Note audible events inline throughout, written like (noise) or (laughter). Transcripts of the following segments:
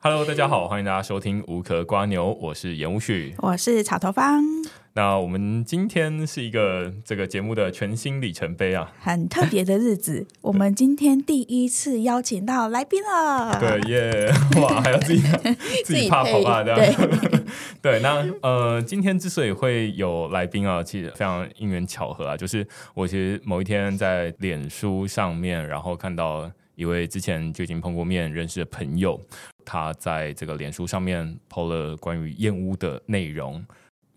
Hello，大家好，歡迎大家收聽《無殼蝸牛》，我是嚴無旭，我是草頭芳。那我們今天是一個這個節目的全新里程碑啊，很特別的日子。 (laughs) 對我們今天第一次邀請到來賓了，對耶、yeah！哇，還要自己 (laughs) 自己怕跑吧？ (laughs) 這樣對 (laughs) 對，那呃，今天之所以會有來賓啊，其實非常因緣巧合啊，就是我其實某一天在臉書上面，然後看到。因為之前就已經碰過面認識的朋友，他在這個臉書上面 PO 了關於驗屋的內容，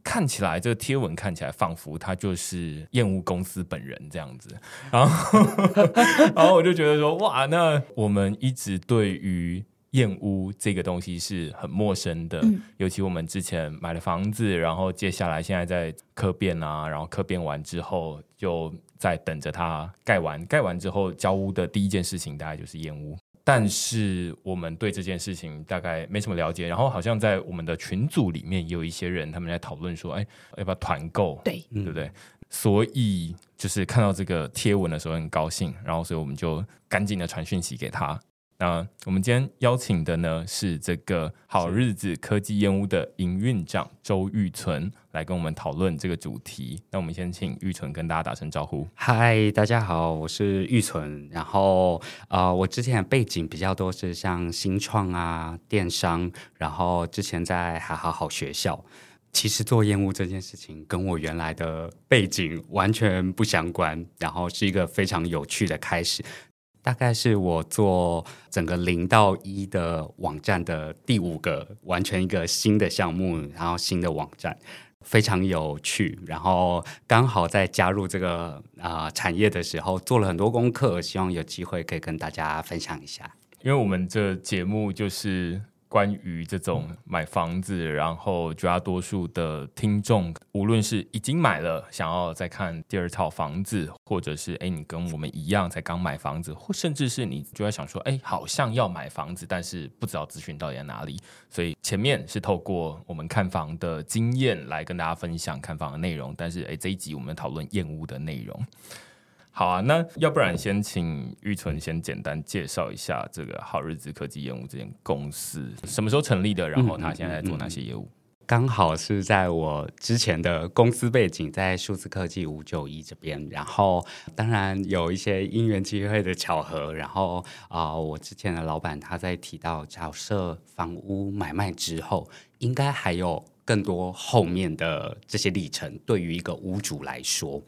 看起來這個貼文看起來仿佛他就是驗屋公司本人這樣子，然後 (laughs) (laughs) 然後我就覺得說，哇，那我們一直對於驗屋這個東西是很陌生的，尤其，我們之前買了房子，然後接下來現在在客變啊，然後客變完之後就。在等着他蓋完，蓋完之後交屋的第一件事情大概就是驗屋，但是我們對這件事情大概沒什麼了解。然後好像在我們的群組裡面也有一些人，他們在討論說，哎，要不要團購？對，對不對？嗯、所以就是看到這個貼文的時候很高興，然後所以我們就趕緊的傳訊息給他。那我們今天邀請的呢是這個好日子科技驗屋的營運長周昱存是來跟我們討論這個主題。那我們先請昱存跟大家打聲招呼。嗨，大家好，我是昱存。然後啊、呃，我之前的背景比較多是像新創啊、電商，然後之前在 Hahow 好好學校。其實做驗屋這件事情跟我原來的背景完全不相關，然後是一個非常有趣的開始。大概是我做整個零到一的網站的第五個，完全一個新的項目，然後新的網站非常有趣，然後剛好在加入這個啊、呃、產業的時候做了很多功課，希望有機會可以跟大家分享一下。因為我們這節目就是。關於這種買房子，嗯、然後絕大多數的聽眾，無論是已經買了想要再看第二套房子，或者是哎你跟我們一樣才剛買房子，或甚至是你就在想說哎好像要買房子，但是不知道資訊到底在哪裡，所以前面是透過我們看房的經驗來跟大家分享看房的內容，但是哎這一集我們討論驗屋的內容。好啊，那要不然先請昱存先簡單介紹一下這個好日子科技驗屋，這間公司，什麼時候成立的？然後他現在做哪些業務？剛好是在我之前的公司背景在數字科技五九一這邊，然後當然有一些因緣際會的巧合。然後啊、呃，我之前的老板他在提到，假設房屋買賣之後，應該還有更多後面的這些歷程，嗯、對於一個屋主來說。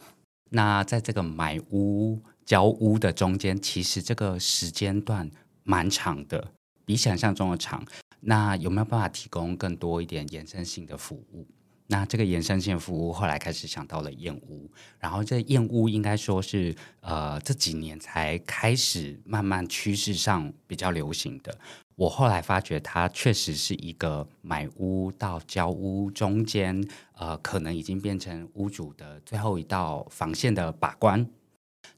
那在這個買屋交屋的中間，其實這個時間段蠻長的，比想象中的長，那有沒有辦法提供更多一點延伸性的服務？那這個延伸性服務後來開始想到了驗屋，然後這驗屋應該說是呃這幾年才開始慢慢趨勢上比較流行的。我後來發覺它確實是一個買屋到交屋中間呃可能已經變成屋主的最後一道防線的把關。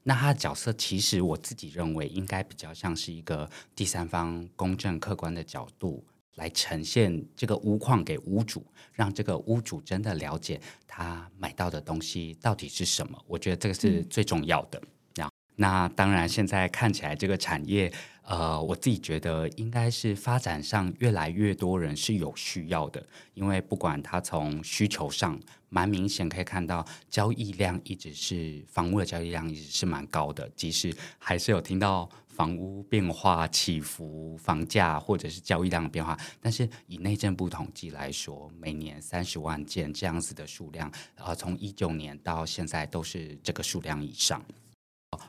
那他的角色其實我自己認為應該比較像是一個第三方公正客觀的角度。來呈現這個屋況給屋主，讓這個屋主真的了解他買到的東西到底是什麼。我覺得這個是最重要的。嗯。那當然現在看起來這個產業，呃，我自己覺得應該是發展上越來越多人是有需要的，因為不管他從需求上，蠻明顯可以看到交易量一直是房屋的交易量一直是蠻高的，即使還是有聽到。房屋變化起伏，房價或者是交易量的變化，但是以內政部統計來說，每年三十萬件這樣子的數量，呃，從一九年到現在都是這個數量以上。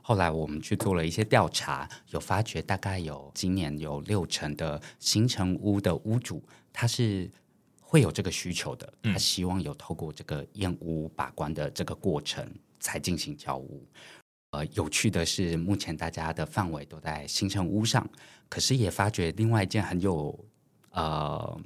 後來我們去做了一些調查，有發覺大概有今年有六成的新成屋的屋主，他是會有這個需求的，他希望有透過這個驗屋把關的這個過程才進行交屋。呃、有趣的是，目前大家的範圍都在新成屋上，可是也發覺另外一件很有呃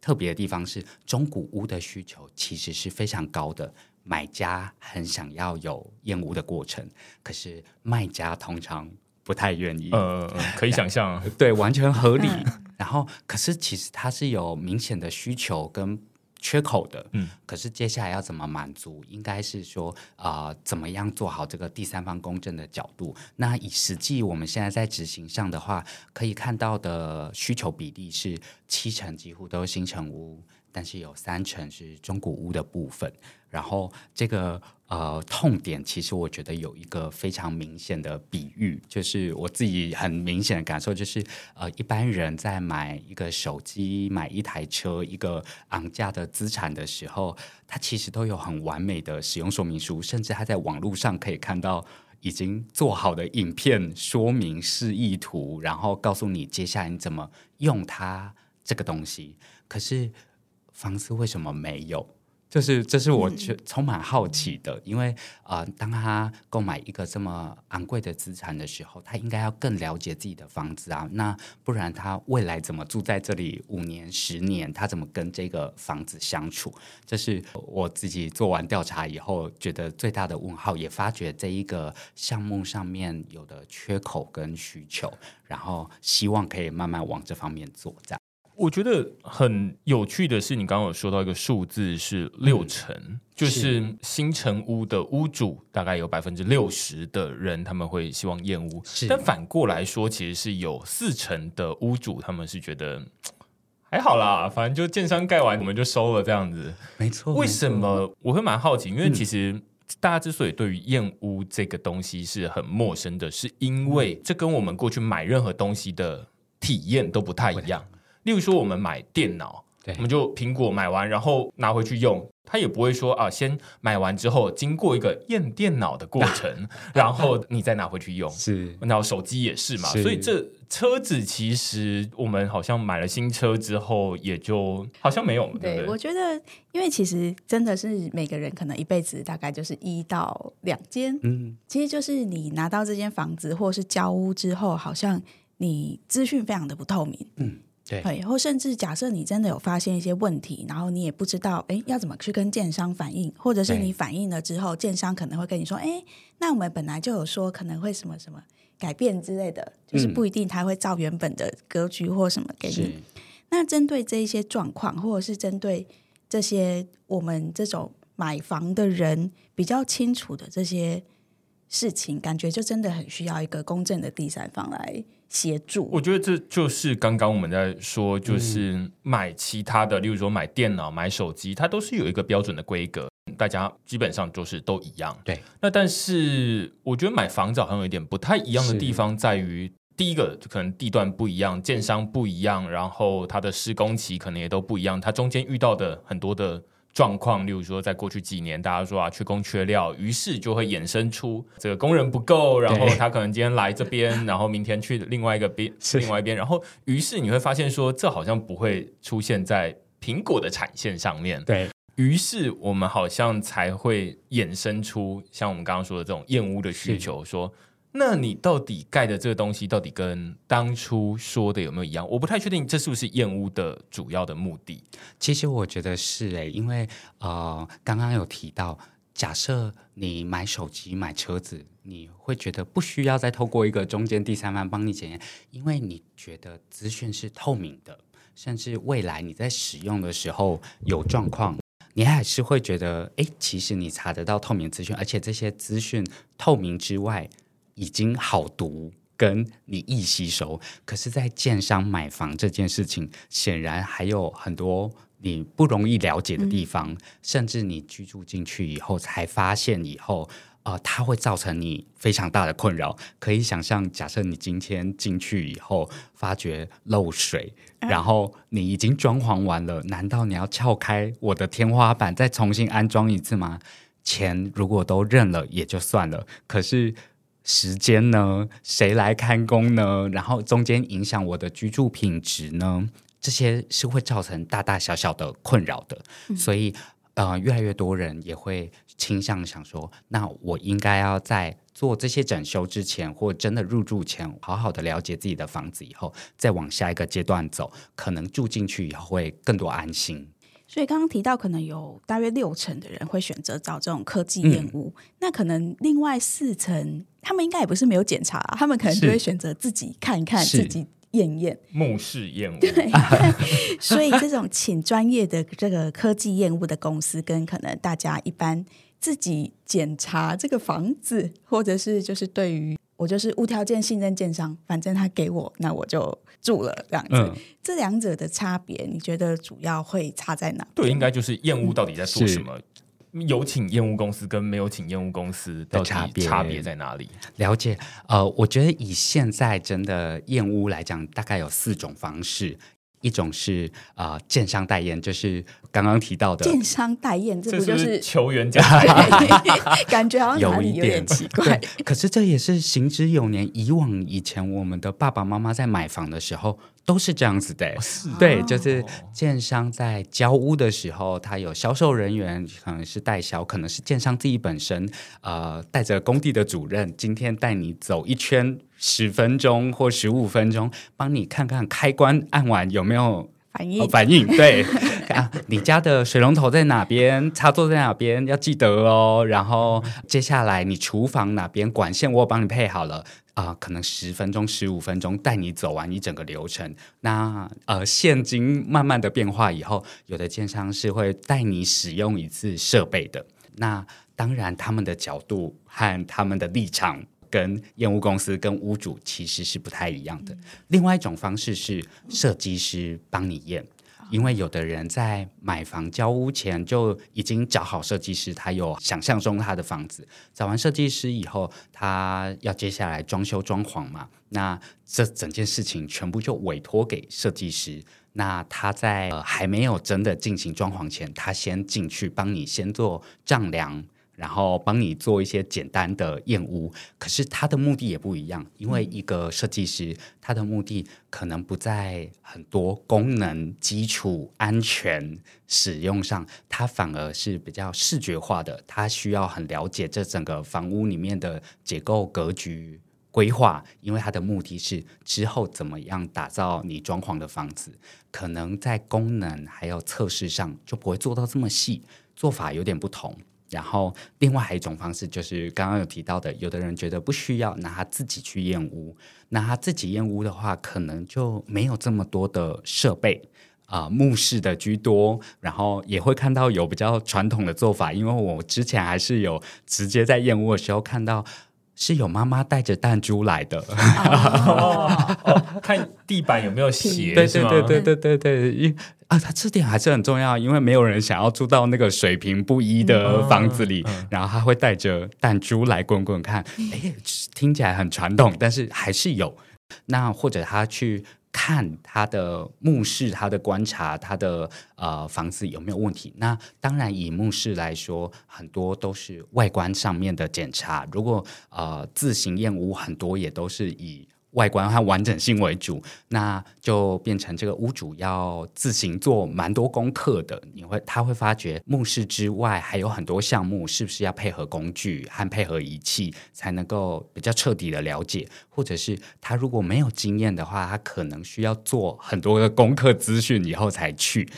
特別的地方是中古屋的需求其實是非常高的，買家很想要有驗屋的過程，可是賣家通常不太願意。嗯、呃，可以想象，對，對，完全合理。嗯、然後，可是其實他是有明顯的需求跟。缺口的，嗯，可是接下來要怎麼滿足？應該是說啊、呃，怎麼樣做好這個第三方公證的角度？那以實際我們現在在執行上的話，可以看到的需求比例是七成，幾乎都是新成屋。但是有三成是中古屋的部分，然後這個呃痛點，其實我覺得有一個非常明顯的比喻，就是我自己很明顯的感受，就是呃一般人在買一個手機、買一台車、一個昂價的資產的時候，它其實都有很完美的使用說明書，甚至他在網絡上可以看到已經做好的影片說明示意圖，然後告訴你接下來你怎麼用它這個東西，可是。房子為什麼沒有？就是這是我充滿好奇的，嗯、因為啊、呃，當他購買一個這麼昂貴的資產的時候，他應該要更了解自己的房子啊，那不然他未來怎麼住在這裡五年、十年？他怎麼跟這個房子相處？這、就是我自己做完調查以後覺得最大的問號，也發覺這一個項目上面有的缺口跟需求，然後希望可以慢慢往這方面做。這樣。我覺得很有趣的是，你剛剛有說到一個數字是六成，就是新成屋的屋主大概有百分之六十的人他們會希望驗屋，但反過來說，其實是有四成的屋主他們是覺得還好啦，反正就建商蓋完我們就收了這樣子。沒錯。為什麼我會蠻好奇？因為其實大家之所以對於驗屋這個東西是很陌生的，是因為這跟我們過去買任何東西的體驗都不太一樣。例如說，我們買電腦，對我們就蘋果買完，然後拿回去用，他也不會說啊，先買完之後，經過一個驗電腦的過程， (laughs) 然後你再拿回去用。 (laughs) 是，然後手機也是嘛，是所以這車子其實我們好像買了新車之後，也就好像沒有。對，對對我覺得，因為其實真的是每個人可能一輩子大概就是一到兩間。嗯，其實就是你拿到這間房子或是交屋之後，好像你資訊非常的不透明。嗯。對，或甚至假設你真的有發現一些問題，然後你也不知道，哎，要怎麼去跟建商反映，或者是你反映了之後，嗯，建商可能會跟你說，哎，那我們本來就有說可能會什麼什麼改變之類的，就是不一定他會照原本的格局或什麼給你。嗯，那針對這一些狀況，或者是針對這些我們這種買房的人比較清楚的這些事情，感覺就真的很需要一個公正的第三方來。接住。我覺得這就是剛剛我們在說，就是買其他的，嗯、例如說買電腦、買手機，它都是有一個標準的規格，大家基本上就是都一樣。對，那但是我覺得買房子好像有一點不太一樣的地方，在於是第一個可能地段不一樣，建商不一樣，然後它的施工期可能也都不一樣，它中間遇到的很多的。狀況，例如說，在過去幾年，大家說啊，缺工缺料，於是就會衍生出這個工人不夠，然後他可能今天來這邊，對然後明天去另外一個邊，是另外一邊，然後於是你會發現說，這好像不會出現在蘋果的產線上面，對，於是我們好像才會衍生出像我們剛剛說的這種驗屋的需求，是說。那你到底蓋的這個東西到底跟當初說的有沒有一樣？我不太確定，這是不是驗屋的主要的目的？其實我覺得是誒、欸，因為呃，剛剛有提到，假設你買手機、買車子，你會覺得不需要再透過一個中間第三方幫你檢驗，因為你覺得資訊是透明的，甚至未來你在使用的時候有狀況，你還是會覺得，誒、欸，其實你查得到透明資訊，而且這些資訊透明之外。已經好讀，跟你易吸收。可是，在建商買房這件事情，顯然還有很多你不容易了解的地方。嗯、甚至你居住進去以後，才發現以後，呃，它會造成你非常大的困擾。可以想象，假設你今天進去以後，發覺漏水，然後你已經裝潢完了，難道你要撬開我的天花板，再重新安裝一次嗎？錢如果都認了也就算了，可是。時間呢？誰來看工呢？然後中間影響我的居住品質呢？這些是會造成大大小小的困擾的。嗯、所以，呃，越來越多人也會傾向想說，那我應該要在做這些整修之前，或真的入住前，好好的了解自己的房子以後，再往下一個階段走，可能住進去以後會更多安心。所以剛剛提到，可能有大約六成的人會選擇找這種科技驗屋，嗯、那可能另外四成，他們應該也不是沒有檢查、啊，他們可能就會選擇自己看一看，是自己驗驗目視驗屋。對， (laughs) (laughs) 所以這種請專業的這個科技驗屋的公司，跟可能大家一般自己檢查這個房子，或者是就是對於。我就是無條件信任建商，反正他給我，那我就住了這樣子。嗯、這兩者的差別，你覺得主要會差在哪？對，應該就是驗屋到底在做什麼，嗯、有請驗屋公司跟沒有請驗屋公司的差差別在哪裡？了解。呃，我覺得以現在真的驗屋來講，大概有四種方式。一種是啊，建、呃、商代驗，就是剛剛提到的建商代驗。這不就是球員兼代驗？ (laughs) 感覺好像有，有一點奇怪。可是這也是行之有年， (laughs) 以往以前我們的爸爸媽媽在買房的時候，都是這樣子的，哦、是的對，就是建商在交屋的時候，他有銷售人員，可能是代銷，可能是建商自己本身，呃，帶着工地的主任，今天帶你走一圈鐘鐘，十分鐘或十五分鐘，幫你看看開關按完有沒有反應，哦、反應對 (laughs) 啊，你家的水龍頭在哪邊，插座在哪邊，要記得哦。然後、嗯、接下來你廚房哪邊管線，我幫你配好了。啊、呃，可能十分鐘、十五分鐘帶你走完一整個流程。那呃，現今慢慢的變化以後，有的建商是會帶你使用一次設備的。那當然，他們的角度和他們的立場跟驗屋公司、跟屋主其實是不太一樣的。另外一種方式是設計師幫你驗。因為有的人在買房交屋前就已經找好設計師，他有想象中他的房子。找完設計師以後，他要接下來裝修裝潢嘛？那這整件事情全部就委托給設計師。那他在、呃、還沒有真的進行裝潢前，他先進去幫你先做丈量。然後幫你做一些簡單的驗屋，可是他的目的也不一樣，因為一個設計師、嗯、他的目的可能不在很多功能、基礎、安全、使用上，他反而是比較視覺化的，他需要很了解這整個房屋裡面的結構格局規劃，因為他的目的是之後怎麼樣打造你裝潢的房子，可能在功能還有測試上就不會做到這麼細，做法有點不同。然後，另外還有一種方式就是剛剛有提到的，有的人覺得不需要拿自己去驗屋。拿自己驗屋的話，可能就沒有這麼多的設備啊，呃、目視的居多。然後也會看到有比較傳統的做法，因為我之前還是有直接在驗屋的時候看到是有媽媽帶着彈珠來的，看地板有沒有斜，對對對對對嗎對，對，對對。啊，他這點還是很重要，因為沒有人想要住到那個水平不一的房子裡。嗯嗯、然後他會帶着彈珠來滾滾看，哎，聽起來很傳統，但是還是有。那或者他去看他的目視，他的觀察，他的呃房子有沒有問題？那當然以目視來說，很多都是外觀上面的檢查。如果呃自行驗屋，很多也都是以。外觀和完整性為主，那就變成這個屋主要自行做蠻多功課的。你會，他會發覺目視之外還有很多項目，是不是要配合工具和配合儀器才能夠比較徹底的了解？或者是他如果沒有經驗的話，他可能需要做很多的功課資訊以後才去。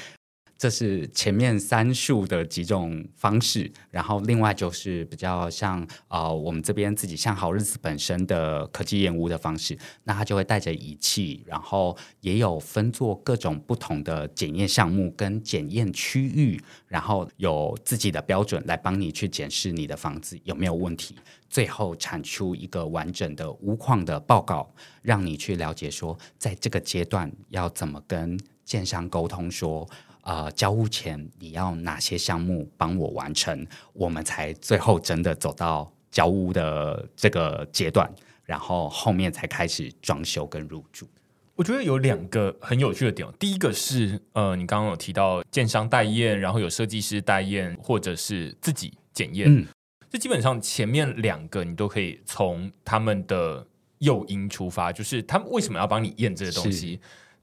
這是前面三數的幾種方式，然後另外就是比較像啊、呃，我們這邊自己像好日子本身的科技驗屋的方式，那他就會帶着儀器，然後也有分做各種不同的檢驗項目跟檢驗區域，然後有自己的標準來幫你去檢視你的房子有沒有問題，最後產出一個完整的屋況的報告，讓你去了解說，在這個階段要怎麼跟建商溝通說。啊、呃，交屋，前你要哪些項目幫我完成，我們才最後真的走到交屋的這個階段，然後後面才開始裝修跟入住。我覺得有兩個很有趣的點，第一個是呃，你剛剛有提到建商代驗，然後有設計師代驗，或者是自己檢驗。這、嗯、基本上前面兩個你都可以從他們的誘因出發，就是他們為什麼要幫你驗這些東西。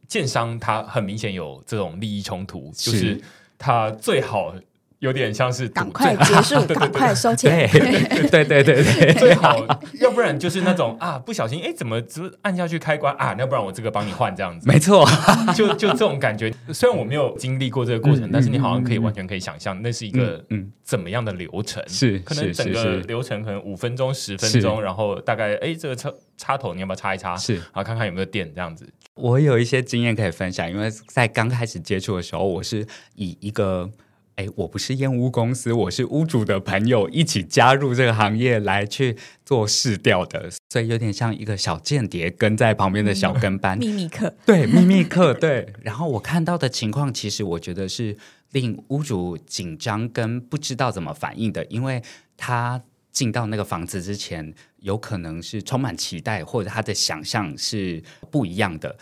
建商它很明顯有這種利益衝突，就是它最好有點像是趕快結束，趕快收錢，對對對對，最好，要不然就是那種啊，不小心哎，怎麼只按下去開關啊？要不然我這個幫你換這樣子，沒錯，就就這種感覺。雖然我沒有經歷過這個過程，但是你好像可以完全可以想象，那是一個嗯怎麼樣的流程？是可能整個流程可能五分鐘十分鐘，然後大概哎這個插插頭你要不要插一插？是啊，看看有沒有電這樣子。我有一些經驗可以分享，因為在剛開始接觸的時候，我是以一個哎、欸，我不是驗屋公司，我是屋主的朋友一起加入這個行業來去做市調的，所以有點像一個小間諜跟在旁邊的小跟班，嗯、秘密客，對，秘密客，對。然後我看到的情況，其實我覺得是令屋主緊張跟不知道怎麼反應的，因為他。進到那個房子之前，有可能是充滿期待，或者他的想象是不一樣的。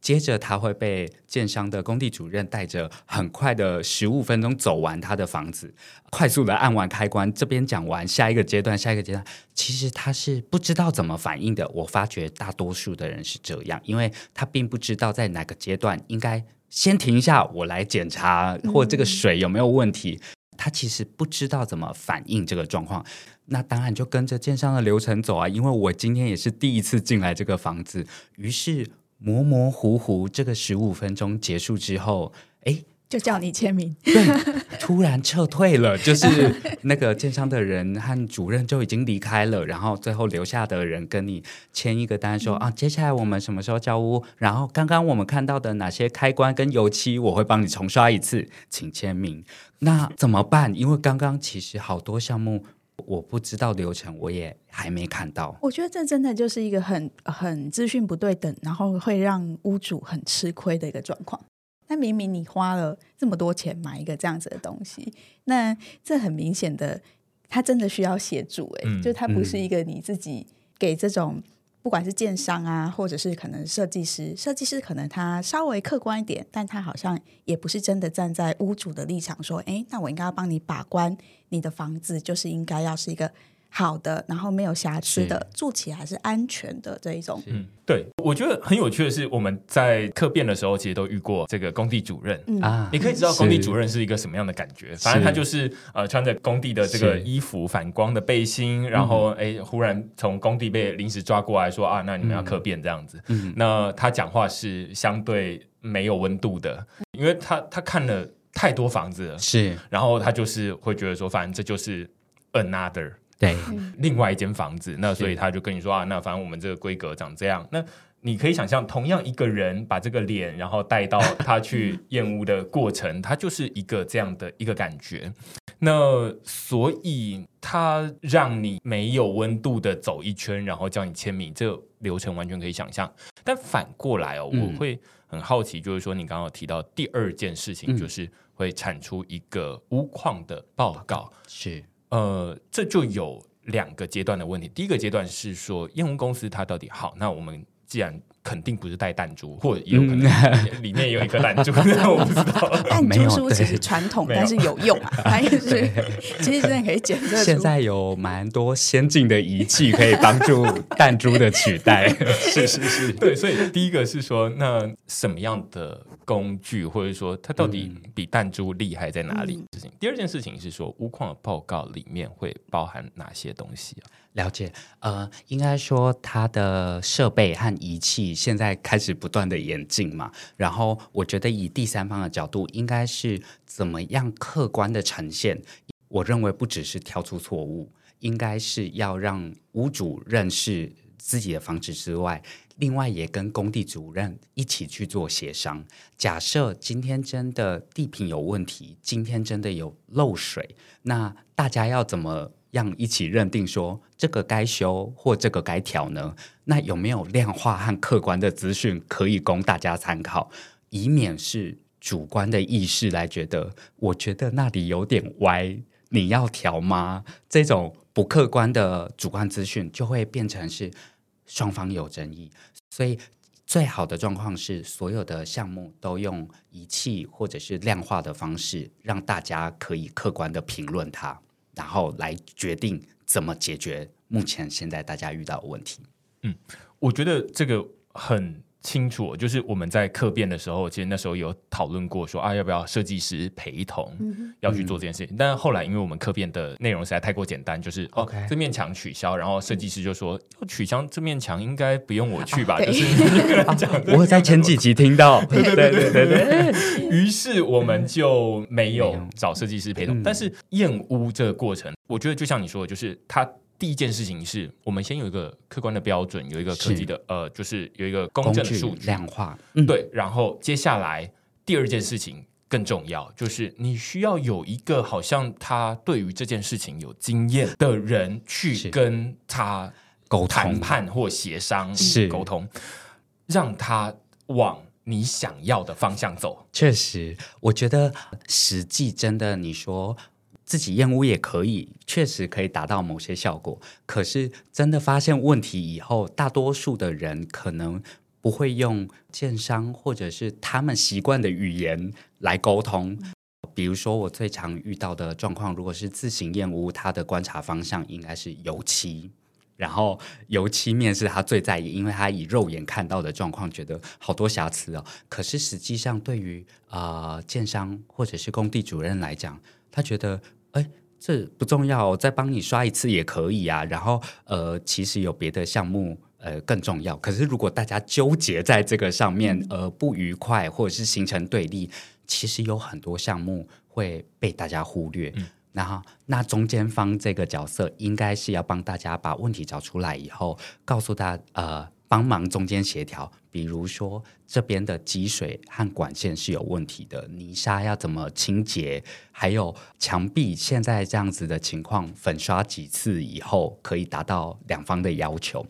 接着，他會被建商的工地主任帶着，很快的十五分鐘走完他的房子，快速的按完開關。這邊講完，下一個階段，下一個階段，其實他是不知道怎麼反應的。我發覺大多數的人是這樣，因為他並不知道在哪個階段應該先停一下，我來檢查或這個水有沒有問題。嗯、他其實不知道怎麼反應這個狀況。那當然就跟着建商的流程走啊，因為我今天也是第一次進來這個房子，於是模模糊糊，這個十五分鐘結束之後，誒，就叫你簽名， (laughs) 對，突然撤退了，就是那個建商的人和主任就已經離開了，然後最後留下的人跟你簽一個單說，說、嗯、啊，接下來我們什麼時候交屋？然後剛剛我們看到的哪些開關跟油漆，我會幫你重刷一次，請簽名。那怎麼辦？因為剛剛其實好多項目。我，我不知道流程，我也還沒看到。我覺得這真的就是一個很很資訊不對等，然後會讓屋主很吃虧的一個狀況。那明明你花了這麼多錢買一個這樣子的東西，那這很明顯的，它真的需要協助、欸，誒、嗯，就它不是一個你自己給這種。不管是建商啊，或者是可能設計師，設計師可能他稍微客觀一點，但他好像也不是真的站在屋主的立場說，哎，那我應該要幫你把關你的房子，就是應該要是一個。好的，然後沒有瑕疵的，是住起來還是安全的這一種。嗯是，對，我覺得很有趣的是，我們在客變的時候，其實都遇過這個工地主任、嗯、啊。你可以知道工地主任是一個什麼樣的感覺，是反正他就是呃，穿着工地的這個衣服、是反光的背心，然後哎、嗯，忽然從工地被臨時抓過來說啊，那你們要客變這樣子。嗯、那他講話是相對沒有溫度的，因為他他看了太多房子了，是，然後他就是會覺得說，反正這就是 another。對， (laughs) 另外一間房子，那所以他就跟你說是啊，那反正我們這個規格長這樣。那你可以想象，同樣一個人把這個臉，然後帶到他去驗屋的過程，他 (laughs) 就是一個這樣的一個感覺。那所以他讓你沒有溫度的走一圈，然後叫你簽名，這個、流程完全可以想象。但反過來哦，嗯、我會很好奇，就是說你剛剛有提到第二件事情，就是會產出一個屋況的報告，嗯嗯、是。呃，這就有兩個階段的問題。第一個階段是說，驗屋公司它到底好，那我們既然。肯定不是帶彈珠，或者有可能裡面有一顆彈珠，彈珠書其實傳統， (laughs) 但是有用、啊，是對其實現在可以檢測。現在有蠻多先進的儀器可以幫助彈珠的取代，是是 (laughs) 是，是是是對。所以第一個是說，那什麼樣的工具，或者說它到底比彈珠厲害在哪裡？嗯、第二件事情是說，屋況的報告裡面會包含哪些東西、啊了解，呃，應該說，它的設備和儀器現在開始不斷的演進嘛。然後，我覺得以第三方的角度，應該是怎麼樣客觀的呈現。我認為不只是挑出錯誤，應該是要讓屋主認識自己的房子之外，另外也跟工地主任一起去做協商。假設今天真的地坪有問題，今天真的有漏水，那大家要怎麼？讓一起認定說這個該修或這個該調呢？那有沒有量化和客觀的資訊可以供大家參考，以免是主觀的意識來覺得，我覺得那裡有點歪，你要調嗎？這種不客觀的主觀資訊就會變成是雙方有爭議。所以最好的狀況是，所有的項目都用儀器或者是量化的方式，讓大家可以客觀的評論它。然後來決定怎麼解決目前現在大家遇到的問題。嗯，我覺得這個很。清楚，就是我們在客變的時候，其實那時候有討論過說，說啊，要不要設計師陪同，嗯、哼要去做這件事情。嗯、但是後來，因為我們客變的內容實在太過簡單，就是 OK，這、哦、面牆取消，然後設計師就說、嗯、要取消這面牆，應該不用我去吧？啊、就是我在前幾集聽到， (laughs) 對對對對，對。 (laughs) (laughs) 於是我們就沒有找設計師陪同。嗯、但是驗屋這個過程，我覺得就像你說的，就是他。第一件事情是我們先有一個客觀的標準，有一個科技的是呃，就是有一個公正的數據量化。嗯、對，然後接下來第二件事情更重要，嗯、就是你需要有一個好像他對於這件事情有經驗的人去跟他溝談判或協商是溝通，溝通，讓他往你想要的方向走。確實，我覺得實際真的你說。自己驗屋也可以，確實可以達到某些效果。可是真的發現問題以後，大多數的人可能不會用建商、或者是他們習慣的語言來溝通。比如說，我最常遇到的狀況，如果是自行驗屋，他的觀察方向應該是油漆，然後油漆面是他最在意，因為他以肉眼看到的狀況，覺得好多瑕疵哦。可是實際上，對於啊、呃、建商，或者是工地主任來講，他覺得。哎，這不重要，我再幫你刷一次也可以啊。然後，呃，其實有別的項目，呃，更重要。可是如果大家糾結在這個上面，嗯、呃，不愉快或者是形成對立，其實有很多項目會被大家忽略。嗯、然後，那中間方這個角色應該是要幫大家把問題找出來以後，告訴大家，呃。幫忙中間協調，比如說這邊的積水和管線是有問題的，泥沙要怎麼清潔，還有牆壁現在這樣子的情況，粉刷幾次以後可以達到兩方的要求。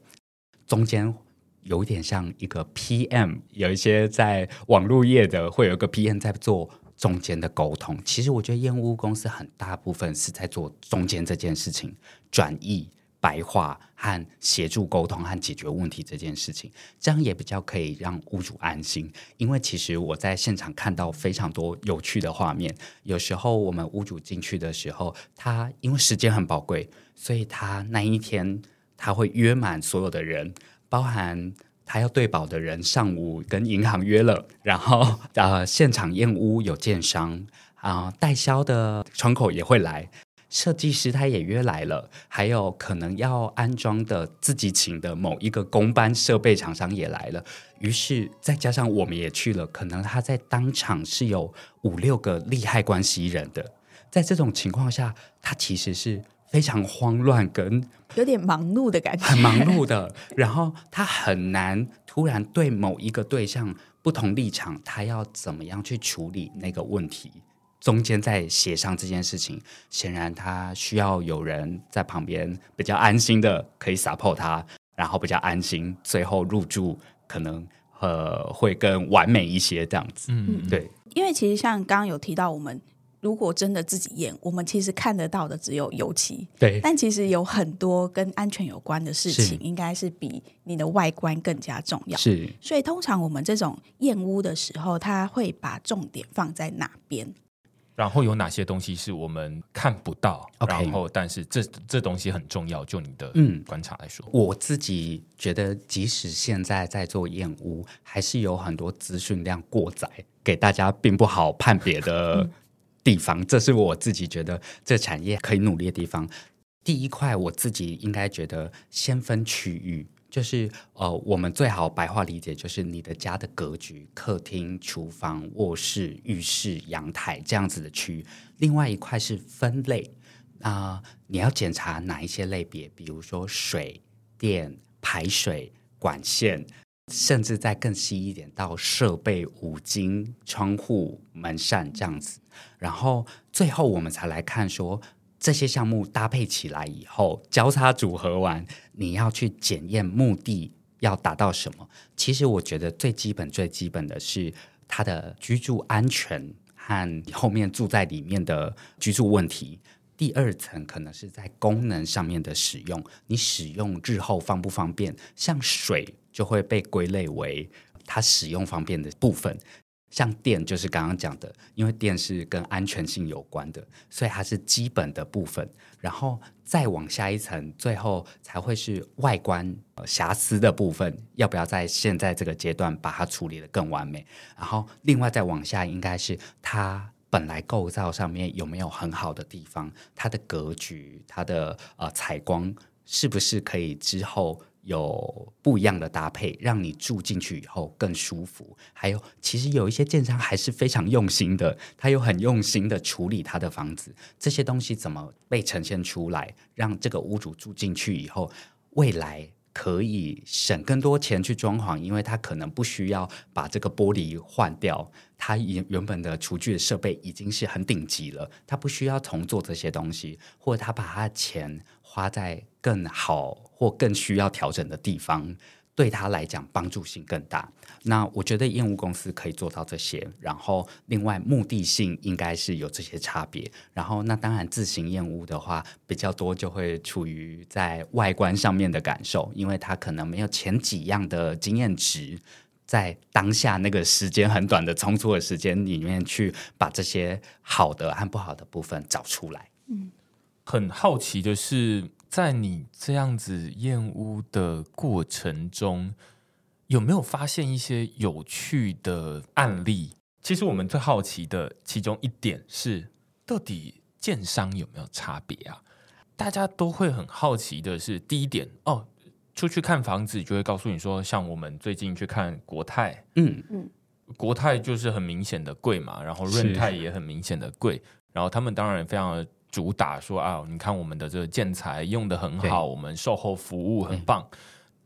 中間有點像一個 PM，有一些在網絡業的會有一個 PM 在做中間的溝通。其實我覺得驗屋公司很大部分是在做中間這件事情，轉移。白話和協助溝通和解決問題這件事情，這樣也比較可以讓屋主安心。因為其實我在現場看到非常多有趣的畫面。有時候我們屋主進去的時候，他因為時間很寶貴，所以他那一天他會約滿所有的人，包含他要對保的人，上午跟銀行約了，然後呃現場驗屋有建商啊，呃，代銷的窗口也會來。設計師他也約來了，還有可能要安裝的自己請的某一個工班設備廠商也來了，於是再加上我們也去了，可能他在當場是有五六個利害關係人的，在這種情況下，他其實是非常慌亂跟有點忙碌的感覺，很忙碌的， (laughs) 然後他很難突然對某一個對象不同立場，他要怎麼樣去處理那個問題。中間在協商這件事情，顯然他需要有人在旁邊比較安心的可以 support 他，然後比較安心最後入住，可能呃會更完美一些這樣子。嗯，對。因為其實像剛剛有提到，我們如果真的自己驗，我們其實看得到的只有油漆，對。但其實有很多跟安全有關的事情，是應該是比你的外觀更加重要。是。所以通常我們這種驗屋的時候，它會把重點放在哪邊？然後有哪些東西是我們看不到？Okay 然後，但是這這東西很重要。就你的觀察來說，嗯、我自己覺得，即使現在在做驗屋，還是有很多資訊量過載，給大家並不好判別的地方。 (laughs) 嗯、這是我自己覺得這產業可以努力的地方。第一塊，我自己應該覺得先分區域。就是呃，我們最好白話理解，就是你的家的格局，客廳、廚房、臥室、浴室、浴室、陽台這樣子的區域。另外一塊是分類啊，那你要檢查哪一些類別，比如說水電、排水管線，甚至再更細一點到設備五金、窗戶、門扇這樣子。然後最後我們才來看說。這些項目搭配起來以後，交叉組合完，你要去檢驗目的要達到什麼。其實我覺得最基本、最基本的是它的居住安全和後面住在裡面的居住問題。第二層可能是在功能上面的使用，你使用日後方不方便，像水就會被歸類為它使用方便的部分。像電就是剛剛講的，因為電是跟安全性有關的，所以它是基本的部分。然後再往下一層，最後才會是外觀、呃、瑕疵的部分。要不要在現在這個階段把它處理得更完美？然後另外再往下，應該是它本來構造上面有沒有很好的地方？它的格局、它的呃採光是不是可以之後？有不一樣的搭配，讓你住進去以後更舒服。還有，其實有一些建商還是非常用心的，他有很用心的處理他的房子。這些東西怎麼被呈現出來，讓這個屋主住進去以後，未來可以省更多錢去裝潢，因為他可能不需要把這個玻璃換掉。他原本的廚具設備已經是很頂級了，他不需要重做這些東西，或者他把他的錢，花在更好或更需要調整的地方，對他來講幫助性更大。那我覺得驗屋公司可以做到這些。然後，另外目的性應該是有這些差別。然後，那當然自行驗屋的話比較多，就會處於在外觀上面的感受，因為他可能沒有前幾樣的經驗值，在當下那個時間很短的衝突的時間裡面去把這些好的和不好的部分找出來。很好奇的是，在你這樣子驗屋的過程中，有沒有發現一些有趣的案例？嗯、其實我們最好奇的其中一點是，是到底建商有沒有差別啊？大家都會很好奇的是，第一點哦，出去看房子就會告訴你說，像我們最近去看國泰，嗯嗯，國泰就是很明顯的貴嘛，然後潤泰也很明顯的貴，是是然後他們當然非常。主打說啊、哎，你看我們的這個建材用得很好，對我們售後服務很棒。嗯、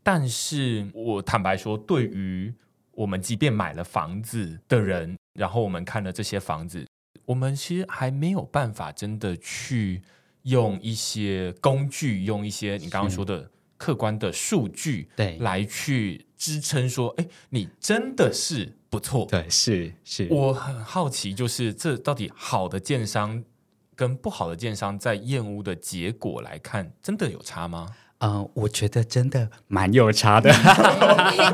但是我坦白說，對於我們即便買了房子的人，對然後我們看了這些房子，我們其實還沒有辦法真的去用一些工具，用一些你剛剛說的客觀的數據，對，來去支撐說，哎對，你真的是不錯。對，是是。我很好奇，就是這到底好的建商。跟不好的建商，在驗屋的結果來看，真的有差嗎？嗯、呃，我覺得真的蠻有差的。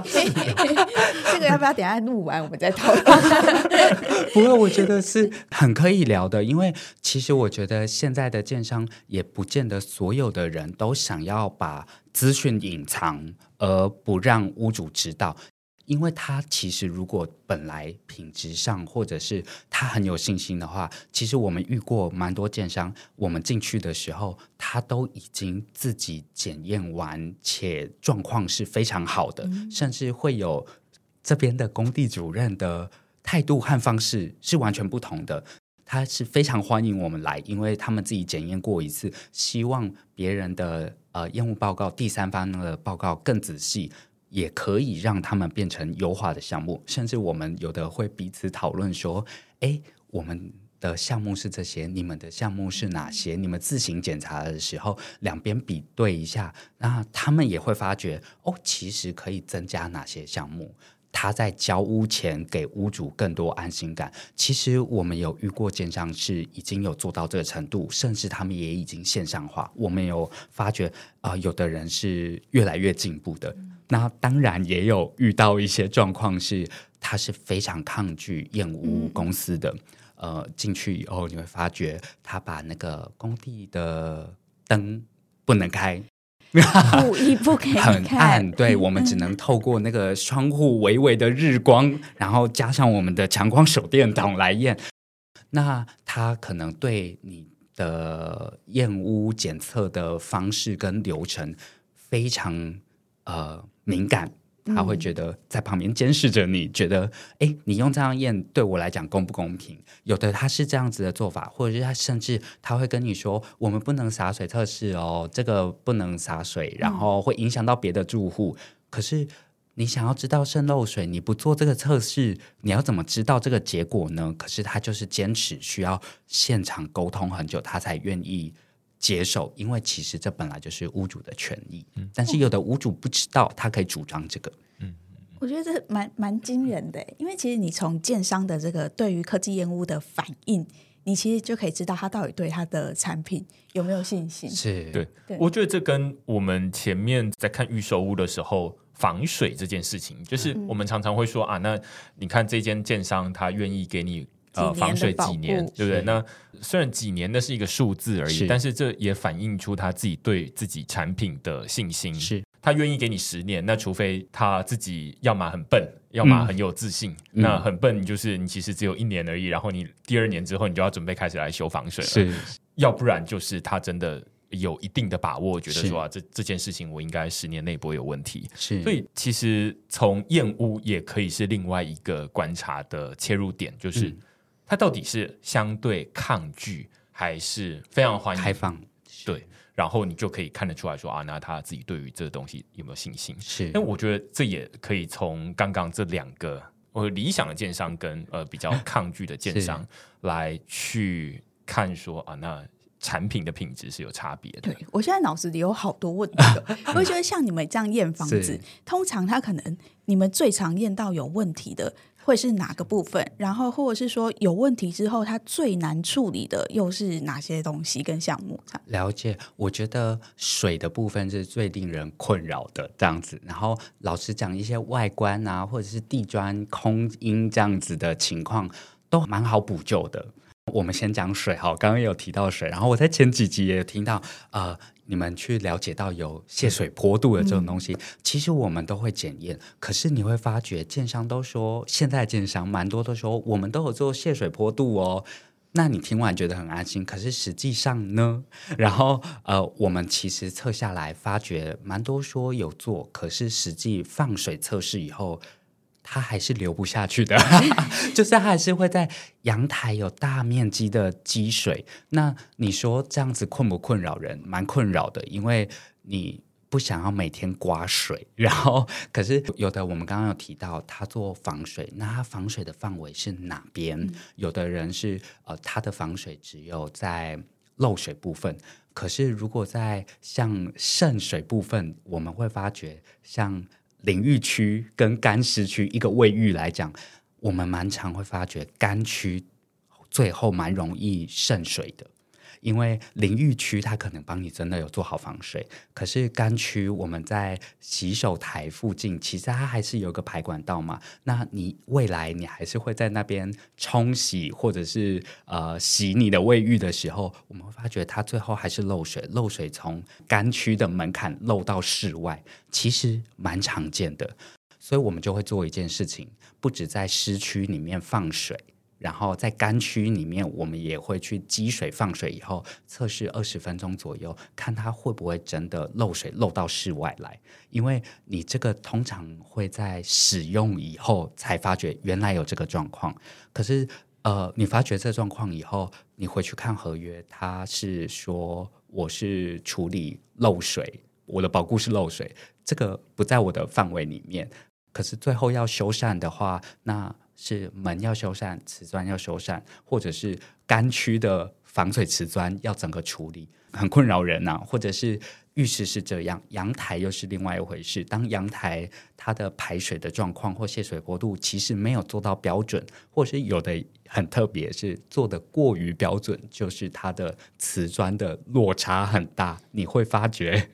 這個要不要等下錄完我們再討論？ (laughs) (laughs) (laughs) 不過我覺得是很可以聊的，因為其實我覺得現在的建商，也不見得所有的人都想要把資訊隱藏，而不讓屋主知道。因為他其實如果本來品質上，或者是他很有信心的話，其實我們遇過蠻多建商，我們進去的時候，他都已經自己檢驗完，且狀況是非常好的，嗯、甚至會有這邊的工地主任的態度和方式是完全不同的，他是非常歡迎我們來，因為他們自己檢驗過一次，希望別人的呃驗屋報告，第三方的報告更仔細。也可以讓他們變成優化的項目，甚至我們有的會彼此討論說：“哎，我們的項目是這些，你們的項目是哪些？你們自行檢查的時候，兩邊比對一下，那他們也會發覺哦，其實可以增加哪些項目，他在交屋前給屋主更多安心感。其實我們有遇過建商是已經有做到這個程度，甚至他們也已經線上化。我們有發覺啊、呃，有的人是越來越進步的。嗯”那當然也有遇到一些狀況，是他是非常抗拒驗屋公司的。嗯、呃，進去以後你會發覺，他把那個工地的燈不能開，不一不很暗。對，我們只能透過那個窗戶微微的日光，然後加上我們的強光手電筒來驗。那他可能對你的驗屋檢測的方式跟流程非常呃。敏感，他會覺得在旁邊監視着你，嗯、覺得哎，你用這樣驗對我來講公不公平？有的他是這樣子的做法，或者是他甚至他會跟你說，我們不能灑水測試哦，這個不能灑水，然後會影響到別的住戶。嗯、可是你想要知道滲漏水，你不做這個測試，你要怎麼知道這個結果呢？可是他就是堅持需要現場溝通很久，他才願意。接受，因為其實這本來就是屋主的權利，嗯、但是有的屋主不知道他可以主張這個。嗯，我覺得這是蠻蠻驚人的，因為其實你從建商的這個對於科技驗屋的反應，你其實就可以知道他到底對他的產品有沒有信心。是，對，對我覺得這跟我們前面在看預售屋的時候防水這件事情，就是我們常常會說、嗯、啊，那你看這間建商他願意給你。呃，防水幾年，對不對？是那雖然幾年那是一個數字而已，是但是這也反映出他自己對自己產品的信心。是，他願意給你十年，那除非他自己要麼很笨，要麼很有自信。嗯，那很笨，就是你其實只有一年而已，然後你第二年之後，你就要準備開始來修防水了。是，要不然就是他真的有一定的把握，覺得說啊，是這這件事情我應該十年內不會有問題。是，所以其實從驗屋也可以是另外一個觀察的切入點，就是，嗯。那到底是相對抗拒，還是非常歡迎開放？對，然後你就可以看得出來說啊，那他自己對於這個東西有沒有信心？是，那我覺得這也可以從剛剛這兩個，我理想的建商跟呃比較抗拒的建商來去看說，說啊，那產品的品質是有差別的。對，我現在腦子裡有好多問題的， (laughs) 我覺得像你們這樣驗房子，是通常他可能你們最常驗到有問題的。會是哪個部分？然後或者是說有問題之後，它最難處理的又是哪些東西跟項目？了解，我覺得水的部分是最令人困擾的這樣子。然後老師講一些外觀啊，或者是地磚空音這樣子的情況，都蠻好補救的。我們先講水，好，剛剛有提到水，然後我在前幾集也有聽到呃。你們去了解到有洩水坡度的這種東西，嗯、其實我們都會檢驗。可是你會發覺，建商，都說，現在建商蠻多都說我們都有做洩水坡度哦。那你聽完覺得很安心，可是實際上呢？然後呃，我們其實測下來發覺蠻多說有做，可是實際放水測試以後。它還是流不下去的， (laughs) 就是他還是會在陽台有大面積的積水。那你說這樣子困不困擾人？蠻困擾的，因為你不想要每天刮水，然後可是有的我們剛剛有提到，它做防水，那它防水的範圍是哪邊？嗯、有的人是呃，它的防水只有在漏水部分，可是如果在像滲水部分，我們會發覺像。淋浴區跟乾濕區，一個衛浴來講，我們蠻常會發覺乾區最後蠻容易滲水的。因為淋浴區它可能幫你真的有做好防水，可是乾區我們在洗手台附近，其實它還是有個排管道嘛。那你未來你還是會在那邊沖洗或者是呃洗你的衛浴的時候，我們會發覺它最後還是漏水，漏水從乾區的門檻漏到室外，其實蠻常見的。所以我們就會做一件事情，不只在濕區裡面放水。然後在乾區裡面，我們也會去積水放水以後測試二十分鐘左右，看它會不會真的漏水漏到室外來。因為你這個通常會在使用以後才發覺原來有這個狀況。可是呃，你發覺這狀況以後，你回去看合約，它是說我是處理漏水，我的保固是漏水，這個不在我的範圍裡面。可是最後要修繕的話，那。是門要修繕，瓷磚要修繕，或者是乾區的防水瓷磚要整個處理，很困擾人吶、啊。或者是浴室是這樣，陽台又是另外一回事。當陽台它的排水的狀況或泄水坡度其實沒有做到標準，或者是有的很特別，是做的過於標準，就是它的瓷磚的落差很大，你會發覺，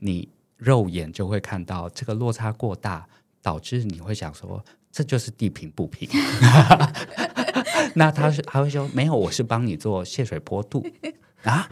你肉眼就會看到這個落差過大，導致你會想說。這就是地平不平， (laughs) 那他是他 (laughs) 對會說，沒有，我是幫你做洩水坡度。啊，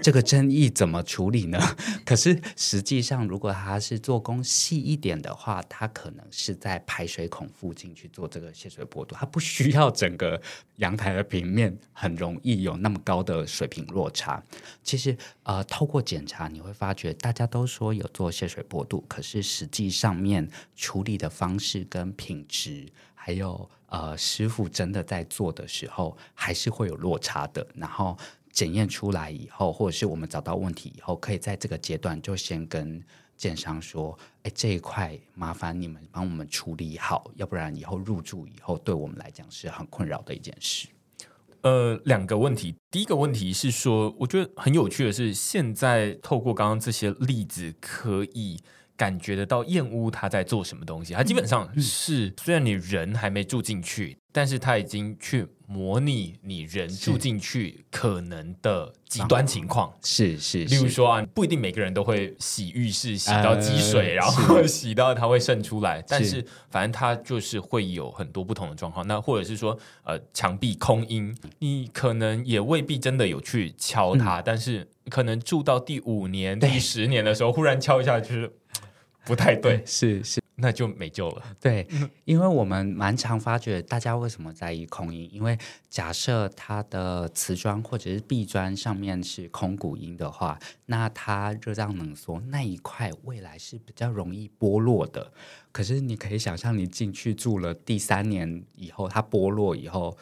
這個爭議怎麼處理呢？可是實際上，如果它是做工細一點的話，它可能是在排水孔附近去做這個洩水坡度，它不需要整個陽台的平面很容易有那麼高的水平落差。其實，呃，透過檢查你會發覺，大家都說有做洩水坡度，可是實際上面處理的方式跟品質，還有呃師傅真的在做的時候，還是會有落差的。然後。檢驗出來以後，或者是我們找到問題以後，可以在這個階段就先跟建商說：“哎，這一塊麻煩你們幫我們處理好，要不然以後入住以後，對我們來講是很困擾的一件事。”呃，兩個問題，第一個問題是說，我覺得很有趣的是，現在透過剛剛這些例子，可以感覺得到驗屋它在做什麼東西，它基本上是、嗯、雖然你人還沒住進去。但是他已經去模擬你人住進去可能的極端情況，是是。是是是，例如說啊，不一定每個人都會洗浴室洗到積水，呃、然後洗到它會滲出來。是，但是反正它就是會有很多不同的狀況。那或者是說，呃，牆壁空音，你可能也未必真的有去敲它，嗯、但是可能住到第五年、對第十年的時候，忽然敲一下，就是不太對。是是。是那就沒救了。對，嗯，因為我們蠻常發覺大家為什麼在意空音，因為假設它的瓷磚或者是壁磚上面是空鼓音的話，那它熱脹冷縮那一塊未來是比較容易剝落的。可是你可以想象，你進去住了第三年以後，它剝落以後，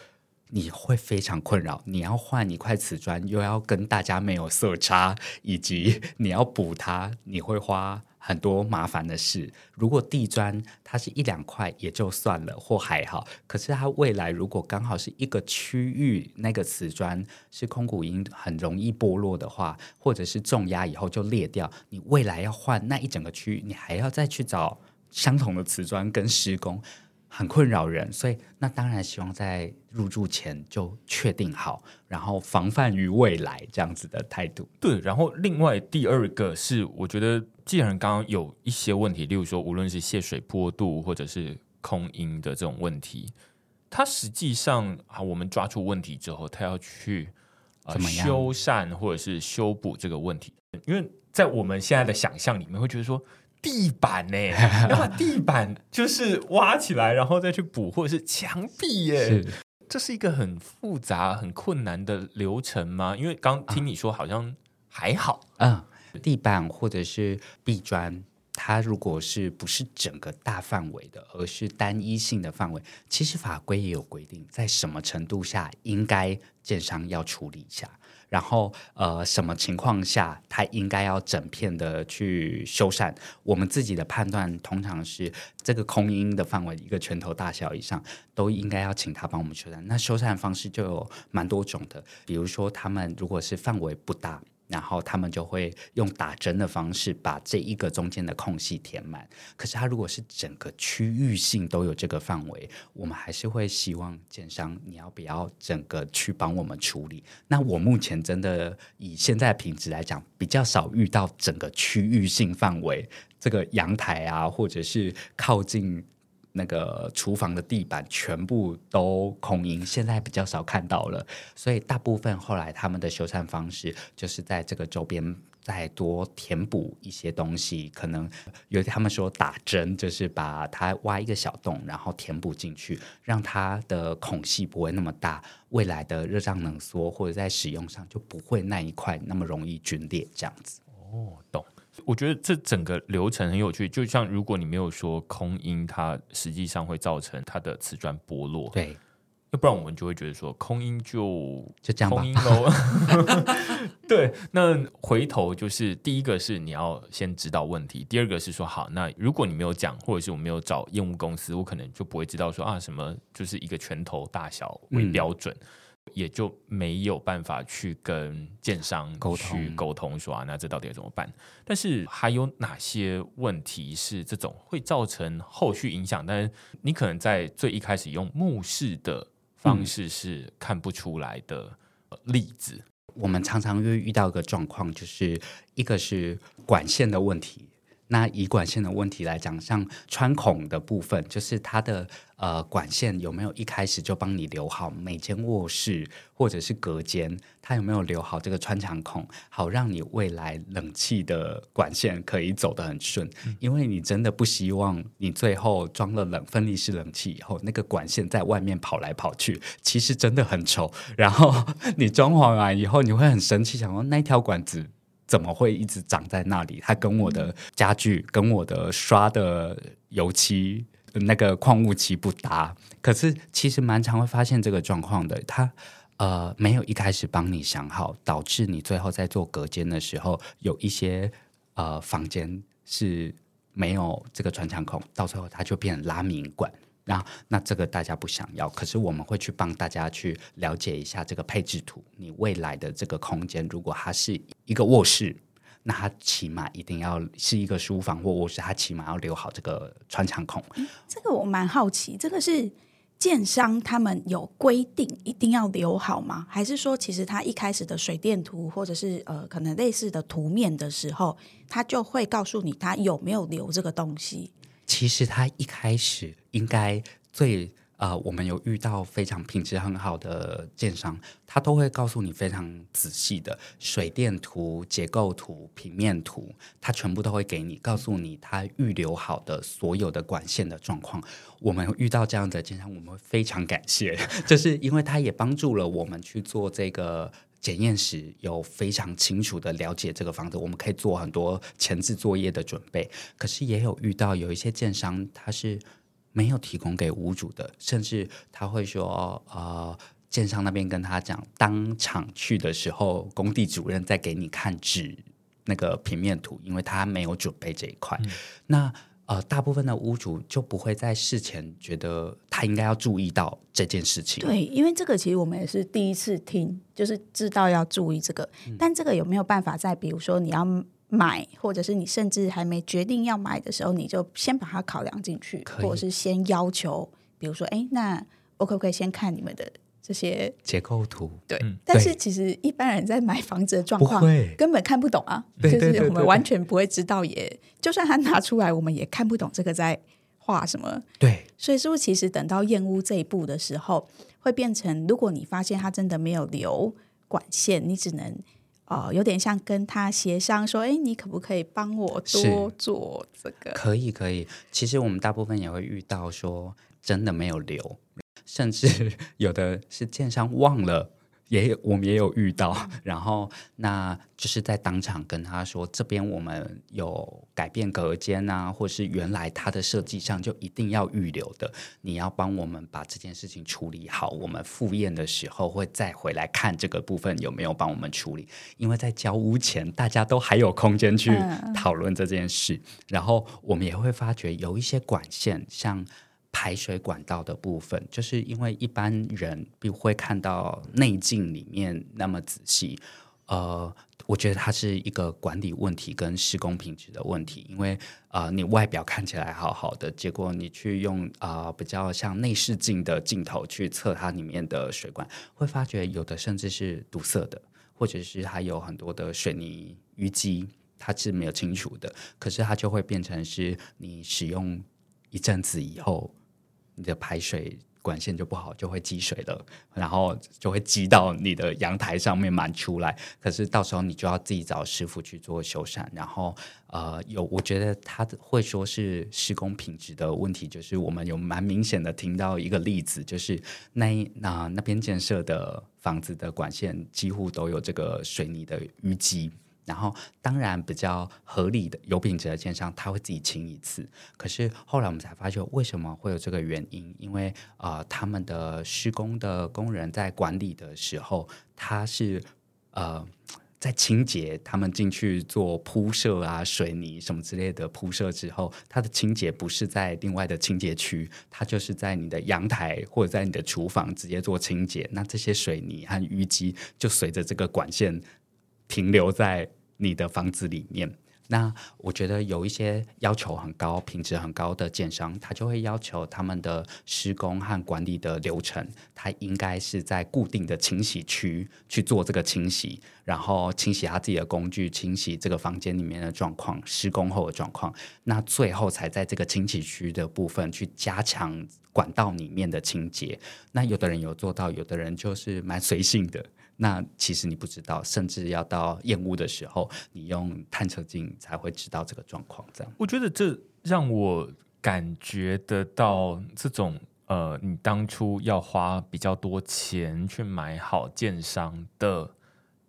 你會非常困擾。你要換一塊瓷磚，又要跟大家沒有色差，以及你要補它，你會花。很多麻煩的事。如果地磚它是一兩塊也就算了，或還好。可是它未來如果剛好是一個區域，那個瓷磚是空鼓音，很容易剝落的話，或者是重壓以後就裂掉，你未來要換那一整個區域，你還要再去找相同的瓷磚跟施工，很困擾人。所以那當然希望在入住前就確定好，然後防範於未來這樣子的態度。對，然後另外第二個是我覺得。既然剛剛有一些問題，例如說，無論是泄水坡度或者是空音的這種問題，它實際上啊，我們抓出問題之後，它要去呃怎麼樣修繕或者是修補這個問題，因為在我們現在的想象裡面，會覺得說，地板呢 (laughs) 要把地板就是挖起來，然後再去補，或者是牆壁耶，是這是一個很複雜、很困難的流程嗎？因為剛，剛聽你說，啊、好像還好啊。嗯地板或者是地磚，它如果是不是整個大範圍的，而是單一性的範圍，其實法規也有規定，在什麼程度下應該建商要處理一下，然後呃，什麼情況下他應該要整片的去修繕。我們自己的判斷通常是這個空音的範圍，一個拳頭大小以上都應該要請他幫我們修繕。那修繕方式就有蠻多種的，比如說他們如果是範圍不大。然後他們就會用打針的方式把這一個中間的空隙填滿。可是它如果是整個區域性都有這個範圍，我們還是會希望建商你要不要整個去幫我們處理？那我目前真的以現在的品質來講，比較少遇到整個區域性範圍，這個陽台啊，或者是靠近。那個廚房的地板全部都孔盈，現在比較少看到了，所以大部分後來他們的修繕方式就是在這個周邊再多填補一些東西，可能有他們說打針，就是把它挖一個小洞，然後填補進去，讓它的孔隙不會那麼大，未來的熱脹冷縮或者在使用上就不會那一塊那麼容易皸裂，這樣子。哦，懂。我覺得這整個流程很有趣，就像如果你沒有說空音，它實際上會造成它的瓷磚剝落。對，要不然我們就會覺得說空音就空音咯，就這樣吧。 (laughs) (laughs) 對，那回頭就是第一個是你要先知道問題，第二個是說好，那如果你沒有講，或者是我沒有找業務公司，我可能就不會知道說啊什麼，就是一個拳頭大小為標準。嗯也就沒有辦法去跟建商溝去溝通說啊，那這到底怎麼辦？但是還有哪些問題是這種會造成後續影響，但是你可能在最一開始用目視的方式是看不出來的例子。嗯，我們常常會遇到一個狀況，就是一個是管線的問題。那以管線的問題來講，像穿孔的部分，就是它的呃管線有沒有一開始就幫你留好每間臥室或者是隔間，它有沒有留好這個穿牆孔，好讓你未來冷氣的管線可以走得很順。嗯、因為你真的不希望你最後裝了冷分離式冷氣以後，那個管線在外面跑來跑去，其實真的很醜。然後你裝潢完，完以後，你會很生氣，想說那條管子。怎麼會一直長在那裡？它跟我的家具、跟我的刷的油漆那個礦物漆不搭。可是其實蠻常會發現這個狀況的。它呃沒有一開始幫你想好，導致你最後在做隔間的時候，有一些呃房間是沒有這個穿牆孔，到最後它就變拉明管。那那這個大家不想要，可是我們會去幫大家去了解一下這個配置圖。你未來的這個空間，如果它是一個臥室，那它起碼一定要是一個書房或臥室，它起碼要留好這個穿牆孔。嗯，這個我蠻好奇，這個是建商他們有規定一定要留好嗎？還是說，其實他一開始的水電圖或者是呃，可能類似的圖面的時候，他就會告訴你他有沒有留這個東西？其實他一開始。應該最啊、呃，我們有遇到非常品質很好的建商，他都會告訴你非常仔細的水電圖、結構圖、平面圖，他全部都會給你，告訴你他預留好的所有的管線的狀況。我們遇到這樣的建商，我們會非常感謝， (laughs) 就是因為他也幫助了我們去做這個檢驗時，有非常清楚的了解這個房子，我們可以做很多前置作業的準備。可是也有遇到有一些建商，他是。沒有提供給屋主的，甚至他會說，呃，建商那邊跟他講，當場去的時候，工地主任在給你看紙那個平面圖，因為他沒有準備這一塊。嗯、那呃，大部分的屋主就不會在事前覺得他應該要注意到這件事情。對，因為這個其實我們也是第一次聽，就是知道要注意這個，嗯、但這個有沒有辦法在，比如說你要……買，或者是你甚至還沒決定要買的時候，你就先把它考量進去，以或者是先要求，比如說，哎，那我可不可以先看你們的這些結構圖？對，嗯、但是其實一般人在買房子的狀況，對根本看不懂啊，會就是我們完全不會知道也，也就算他拿出來，我們也看不懂這個在畫什麼。對，所以是不是其實等到驗屋這一步的時候，會變成如果你發現他真的沒有留管線，你只能。哦，有點像跟他協商說，哎、欸，你可不可以幫我多做這個？可以，可以。其實我們大部分也會遇到說，真的沒有留，甚至有的是建商忘了。也我們也有遇到，嗯、然後那就是在當場跟他說，這邊我們有改變隔間啊，或是原來他的設計上就一定要預留的，你要幫我們把這件事情處理好。我們複驗的時候會再回來看這個部分有沒有幫我們處理，因為在交屋前大家都還有空間去討論這件事，嗯、然後我們也會發覺有一些管線像。排水管道的部分，就是因為一般人不會看到內鏡裡面那麼仔細，呃，我覺得它是一個管理問題跟施工品質的問題，因為啊、呃，你外表看起來好好的，結果你去用啊、呃、比較像內視鏡的鏡頭去測它裡面的水管，會發覺有的甚至是堵塞的，或者是還有很多的水泥淤積，它是沒有清除的，可是它就會變成是你使用一陣子以後。你的排水管線就不好，就會積水了，然後就會積到你的陽台上面滿出來。可是到時候你就要自己找師傅去做修繕。然後呃，有我覺得他會說是施工品質的問題，就是我們有蠻明顯的聽到一個例子，就是那那那邊建設的房子的管線幾乎都有這個水泥的淤積。然後，當然比較合理的有品質的建商，他會自己清一次。可是後來我們才發覺，為什麼會有這個原因？因為啊、呃，他們的施工的工人在管理的時候，他是呃在清潔。他們進去做鋪設啊、水泥什麼之類的鋪設之後，他的清潔不是在另外的清潔區，他就是在你的陽台或者在你的廚房直接做清潔。那這些水泥和淤積就隨着這個管線。停留在你的房子裡面，那我覺得有一些要求很高、品質很高的建商，他就會要求他們的施工和管理的流程，他應該是在固定的清洗區去做這個清洗，然後清洗他自己的工具，清洗這個房間裡面的狀況、施工後的狀況，那最後才在這個清洗區的部分去加強管道裡面的清潔。那有的人有做到，有的人就是蠻隨性的。那其實你不知道，甚至要到驗屋的時候，你用探測鏡才會知道這個狀況。這樣，我覺得這讓我感覺得到這種呃，你當初要花比較多錢去買好建商的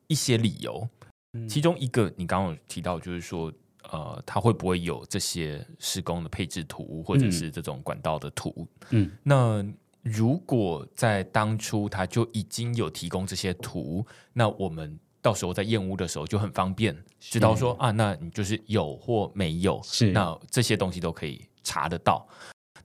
一些理由，嗯、其中一個你剛剛有提到就是說，呃，它會不會有這些施工的配置圖，或者是這種管道的圖？嗯，那。如果在當初他就已經有提供這些圖，那我們到時候在驗屋的時候就很方便，知道的說啊，那你就是有或沒有，是那這些東西都可以查得到。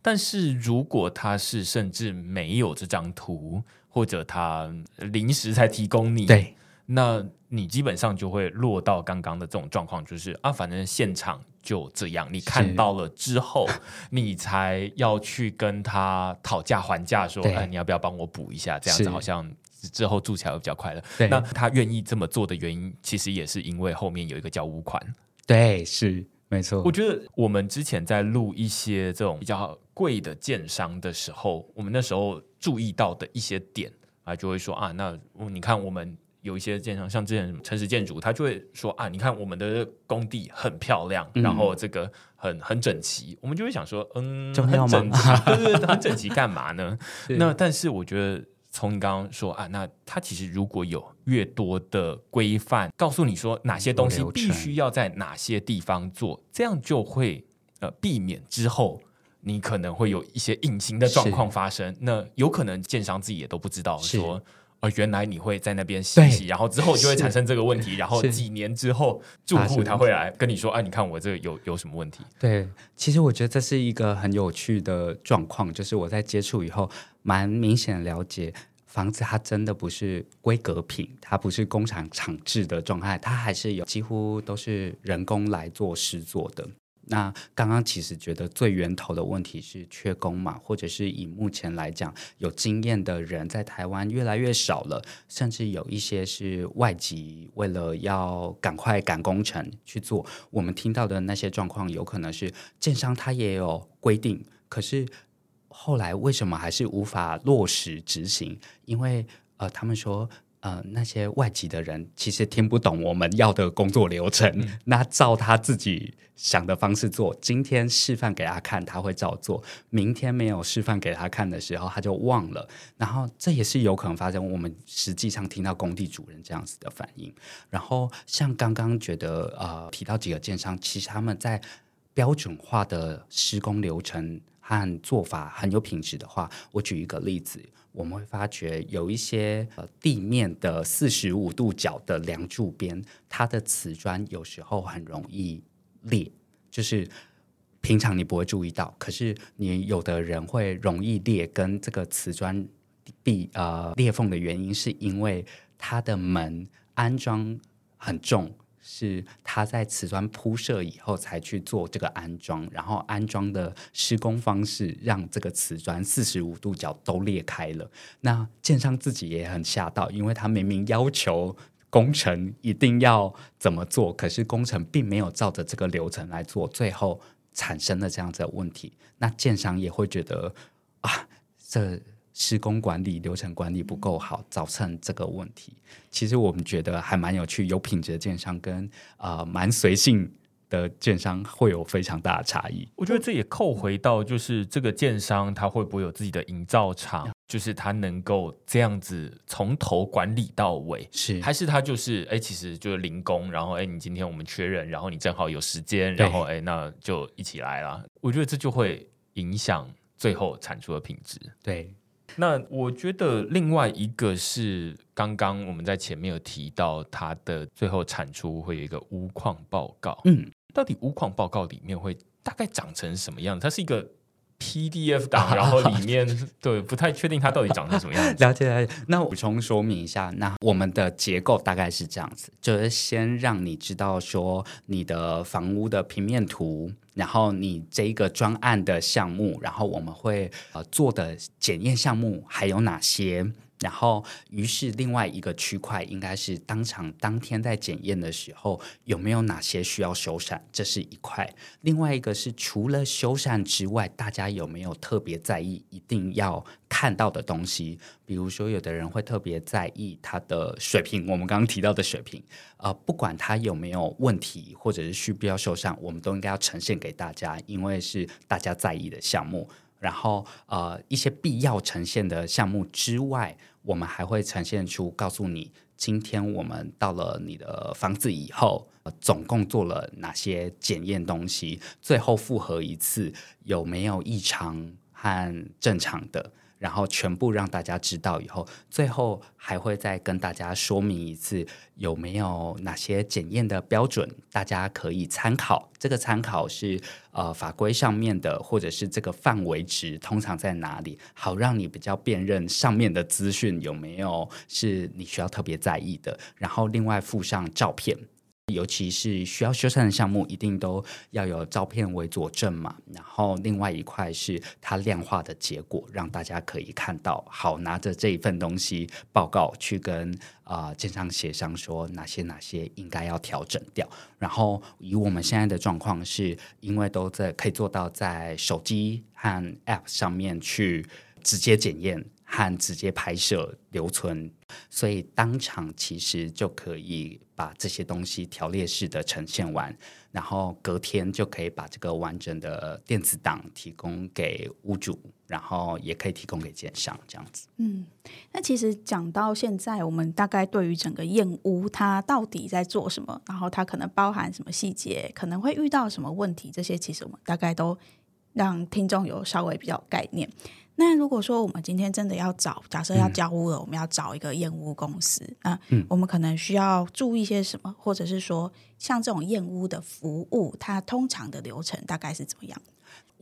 但是如果他是甚至沒有這張圖，或者他臨時才提供你，對。那你基本上就會落到剛剛的這種狀況，就是啊，反正現場就這樣。你看到了之後，是你才要去跟他討價還價，說對哎，你要不要幫我補一下？這樣子好像之後住起來會比較快樂。是那他願意這麼做的原因，其實也是因為後面有一個交屋款。對，是沒錯。我覺得我們之前在錄一些這種比較貴的建商的時候，我們那時候注意到的一些點啊，就會說啊，那你看我們。有一些建商，像之前什麼城市建築，他就會說啊，你看我們的工地很漂亮，嗯、然後這個很很整齊，我們就會想說，嗯，這整齊 (laughs) 對對對，很整齊幹嘛呢？是那但是我覺得，從你剛剛說啊，那他其實如果有越多的規範，告訴你說哪些東西必須要在哪些地方做，程這樣就會呃避免之後你可能會有一些隱形的狀況發生，是那有可能建商自己也都不知道說。啊、哦，原來你會在那邊洗對洗，然後之後就會產生這個問題，是然後幾年之後，是住戶他會來跟你說：“哎、啊，你看我這個有有什麼問題？”對，其實我覺得這是一個很有趣的狀況，就是我在接觸以後，蠻明顯的了解房子它真的不是規格品，它不是工廠廠製的狀態，它還是有幾乎都是人工來做施作的。那剛剛其實覺得最源頭的問題是缺工嘛，或者是以目前來講，有經驗的人在台灣越來越少了，甚至有一些是外籍，為了要趕快趕工程去做，我們聽到的那些狀況，有可能是建商他也有規定，可是後來為什麼還是無法落實執行？因為呃，他們說。呃，那些外籍的人其實聽不懂我們要的工作流程，嗯、那照他自己想的方式做。今天示範給他看，他會照做；明天沒有示範給他看的時候，他就忘了。然後這也是有可能發生。我們實際上聽到工地主任這樣子的反應。然後像剛剛覺得呃，提到幾個建商，其實他們在標準化的施工流程和做法很有品質的話，我舉一個例子。我們會發覺有一些呃，地面的四十五度角的梁柱邊，它的瓷磚有時候很容易裂，就是平常你不會注意到，可是你有的人會容易裂。跟這個瓷磚壁呃、裂縫的原因，是因為它的門安裝很重。是他在瓷磚鋪設以後才去做這個安裝，然後安裝的施工方式讓這個瓷磚四十五度角都裂開了。那建商自己也很嚇到，因為他明明要求工程一定要怎麼做，可是工程並沒有照着這個流程來做，最後產生了這樣子的問題。那建商也會覺得啊，這。施工管理流程管理不夠好，造成這個問題。其實我們覺得還蠻有趣，有品質的建商跟啊、呃、蠻隨性的建商會有非常大的差異。我覺得這也扣回到就是這個建商它會不會有自己的營造廠，嗯、就是它能夠這樣子從頭管理到尾，是還是它就是哎、欸，其實就是零工，然後哎、欸、你今天我們缺人，然後你正好有時間，對然後哎、欸、那就一起來啦。我覺得這就會影響最後產出的品質。對。那我覺得另外一個是剛剛我們在前面有提到，它的最後產出會有一個屋況報告。嗯，到底屋況報告裡面會大概長成什麼樣？它是一個 PDF 檔，然後裡面、啊、對不太確定它到底長成什麼樣？啊啊、了解、了解。那我補充說明一下，那我們的結構大概是這樣子，就是先讓你知道說你的房屋的平面圖。然後你這一個專案的項目，然後我們會呃做的檢驗項目還有哪些？然後，於是另外一個區塊應該是當場當天在檢驗的時候有沒有哪些需要修繕，這是一塊；另外一個是除了修繕之外，大家有沒有特別在意一定要看到的東西？比如說，有的人會特別在意他的水平，我們剛剛提到的水平，呃，不管他有沒有問題或者是需不需要修繕，我們都應該要呈現給大家，因為是大家在意的項目。然後，呃，一些必要呈現的項目之外。我們還會呈現出，告訴你今天我們到了你的房子以後，總共做了哪些檢驗東西，最後複核一次有沒有異常和正常的。然後全部讓大家知道以後，最後還會再跟大家說明一次有沒有哪些檢驗的標準，大家可以參考。這個參考是呃法規上面的，或者是這個範圍值通常在哪裡，好讓你比較辨認上面的資訊有沒有是你需要特別在意的。然後另外附上照片。尤其是需要修繕的項目，一定都要有照片為佐證嘛。然後另外一塊是它量化的結果，讓大家可以看到，好拿着這一份東西報告去跟啊、呃、建商協商，說哪些哪些應該要調整掉。然後以我們現在的狀況，是因為都在可以做到在手機和 App 上面去直接檢驗。和直接拍攝留存，所以當場其實就可以把這些東西條列式的呈現完，然後隔天就可以把這個完整的電子檔提供給屋主，然後也可以提供給建商這樣子。嗯，那其實講到現在，我們大概對於整個驗屋，它到底在做什麼，然後它可能包含什麼細節，可能會遇到什麼問題，這些其實我們大概都讓聽眾有稍微比較概念。那如果說我們今天真的要找，假設要交屋了，嗯、我們要找一個驗屋公司啊，呃嗯、我們可能需要注意些什麼，或者是說，像這種驗屋的服務，它通常的流程大概是怎麼樣的？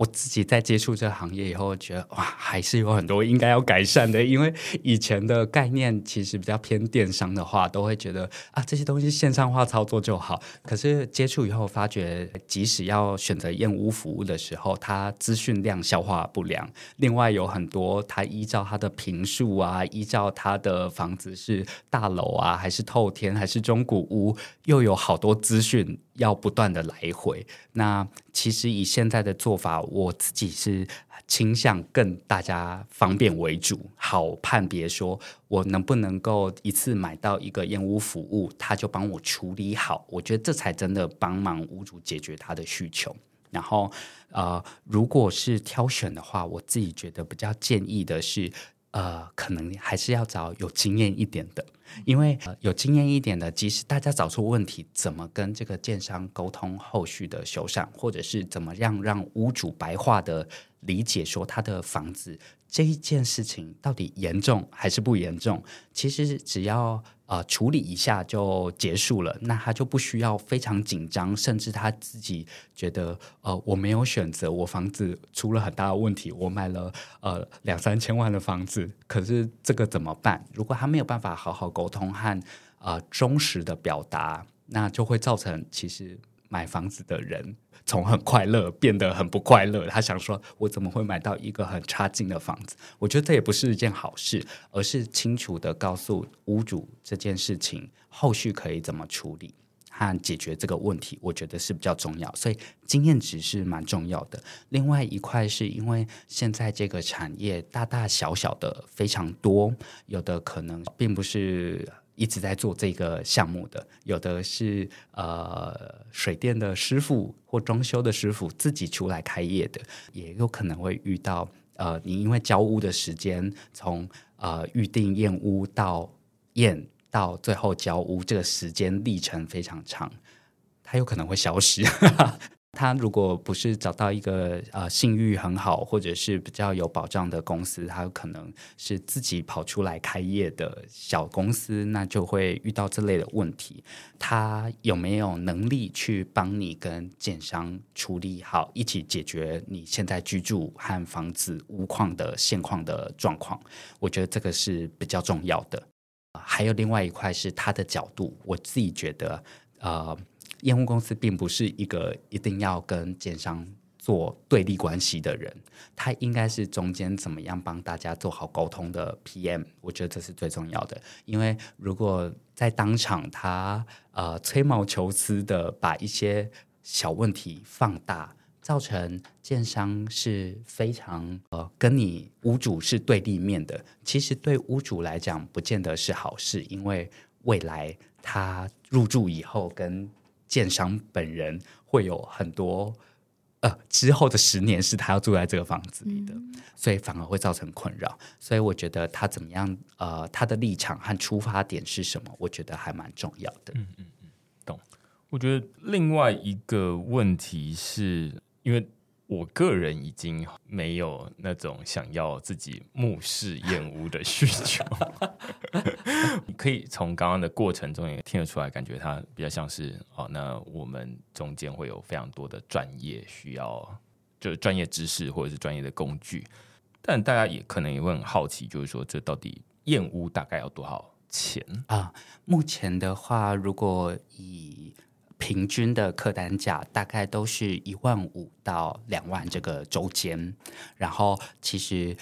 我自己在接觸這個行業以後，覺得哇，還是有很多應該要改善的。因為以前的概念其實比較偏電商的話，都會覺得啊，這些東西線上化操作就好。可是接觸以後發覺，即使要選擇驗屋服務的時候，它資訊量消化不良。另外，有很多它依照它的坪數啊，依照它的房子是大樓啊，還是透天，還是中古屋，又有好多資訊。要不斷的來回。那其實以現在的做法，我自己是傾向跟大家方便為主，好判別說我能不能夠一次買到一個驗屋服務，他就幫我處理好。我覺得這才真的幫忙屋主解決他的需求。然後，呃，如果是挑選的話，我自己覺得比較建議的是。呃，可能還是要找有經驗一點的，因為、呃、有經驗一點的，即使大家找出問題，怎麼跟這個建商溝通後續的修繕，或者是怎麼樣讓屋主白話的理解說他的房子這一件事情到底嚴重還是不嚴重？其實只要。啊、呃，處理一下就結束了，那他就不需要非常緊張，甚至他自己覺得，呃，我沒有選擇，我房子出了很大的問題，我買了呃，兩三千萬的房子，可是這個怎麼辦？如果他沒有辦法好好溝通和啊、呃、忠實的表達，那就會造成其實，買房子的人從很快樂變得很不快樂，他想說：“我怎麼會買到一個很差勁的房子？”我覺得這也不是一件好事，而是清楚地告訴屋主這件事情後續可以怎麼處理和解決這個問題，我覺得是比較重要。所以經驗值是蠻重要的。另外一塊是因為現在這個產業大大小小的非常多，有的可能並不是。一直在做這個項目的，有的是呃水電的師傅或裝修的師傅自己出來開業的，也有可能會遇到呃，你因為交屋的時間從呃預定驗屋到驗到最後交屋，這個時間歷程非常長，它有可能會消失。呵呵他如果不是找到一個呃信譽很好或者是比較有保障的公司，他有可能是自己跑出來開業的小公司，那就會遇到這類的問題。他有沒有能力去幫你跟建商處理好，一起解決你現在居住和房子屋況的現況的狀況？我覺得這個是比較重要的。呃，還有另外一塊是他的角度，我自己覺得，呃。驗屋公司並不是一個一定要跟建商做對立關係的人，他應該是中間怎麼樣幫大家做好溝通的 PM，我覺得這是最重要的。因為如果在當場他呃吹毛求疵的把一些小問題放大，造成建商是非常呃跟你屋主是對立面的。其實對屋主來講，不見得是好事，因為未來他入住以後跟建商本人會有很多，呃，之後的十年是他要住在這個房子裡的，嗯、所以反而會造成困擾。所以我覺得他怎麼樣，呃，他的立場和出發點是什麼，我覺得還蠻重要的。嗯嗯嗯，懂。我覺得另外一個問題是因為。我個人已經沒有那種想要自己目視驗屋的需求。你 (laughs) (laughs) 可以從剛剛的過程中也聽得出來，感覺它比較像是哦，那我們中間會有非常多的專業需要，就是專業知識或者是專業的工具。但大家也可能也會很好奇，就是說這到底驗屋大概要多少錢啊？目前的話，如果以平均的客單價大概都是一萬五到兩萬這個週間，然後其實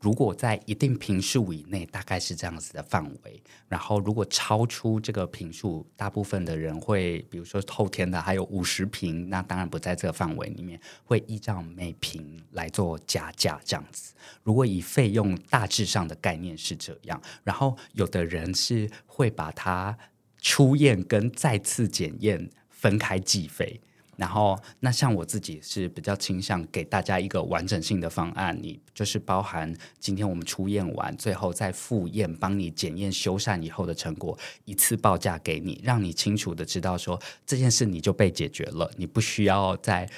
如果在一定坪數以內，大概是這樣子的範圍。然後如果超出這個坪數，大部分的人會，比如說後天的還有五十坪，那當然不在這個範圍裡面，會依照每坪來做加價這樣子。如果以費用大致上的概念是這樣，然後有的人是會把它。初驗跟再次檢驗分開計費，然後那像我自己是比較傾向給大家一個完整性的方案，你就是包含今天我們初驗完，最後再複驗幫你檢驗修繕以後的成果，一次報價給你，讓你清楚的知道說這件事你就被解決了，你不需要再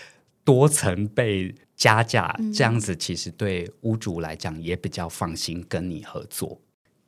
多層被加價，嗯、這樣子其實對屋主來講也比較放心，跟你合作。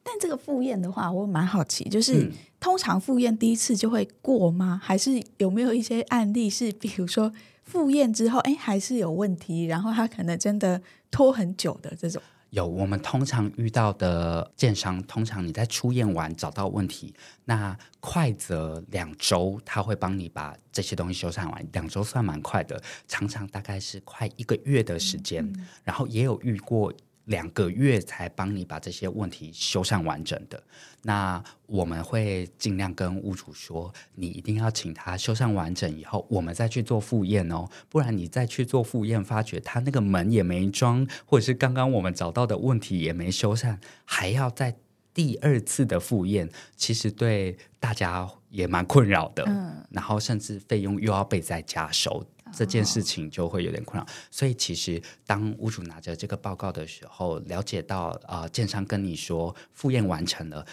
但這個複驗的話，我蠻好奇，就是、嗯、通常複驗第一次就會過嗎？還是有沒有一些案例是，比如說複驗之後，哎，還是有問題，然後他可能真的拖很久的這種？有，我們通常遇到的建商，通常你在出驗完找到問題，那快則兩周，他會幫你把這些東西修繕完。兩周算蠻快的，常常大概是快一個月的時間。嗯嗯、然後也有遇過。兩個月才幫你把這些問題修繕完整的，那我們會盡量跟屋主說，你一定要請他修繕完整以後，我們再去做複驗哦，不然你再去做複驗，發覺他那個門也沒裝，或者是剛剛我們找到的問題也沒修繕，還要再第二次的複驗，其實對大家也蠻困擾的。嗯，然後甚至費用又要被再加收。這件事情就會有點困擾，oh. 所以其實當屋主拿着這個報告的時候，了解到啊、呃，建商跟你說複驗完成了，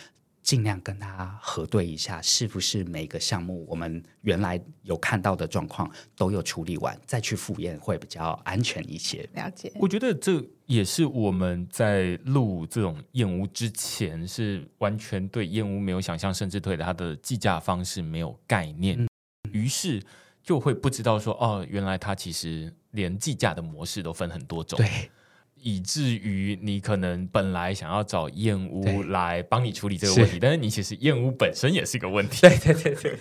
儘量跟他核對一下，是不是每個項目我們原來有看到的狀況都有處理完，再去複驗會比較安全一些。了解，我覺得這也是我們在錄這種驗屋之前，是完全對驗屋沒有想象，甚至對它的計價方式沒有概念，嗯、於是。就會不知道說哦，原來它其實連計價的模式都分很多種，對，以至於你可能本來想要找驗屋來幫你處理這個問題，是但是你其實驗屋本身也是一個問題，對對對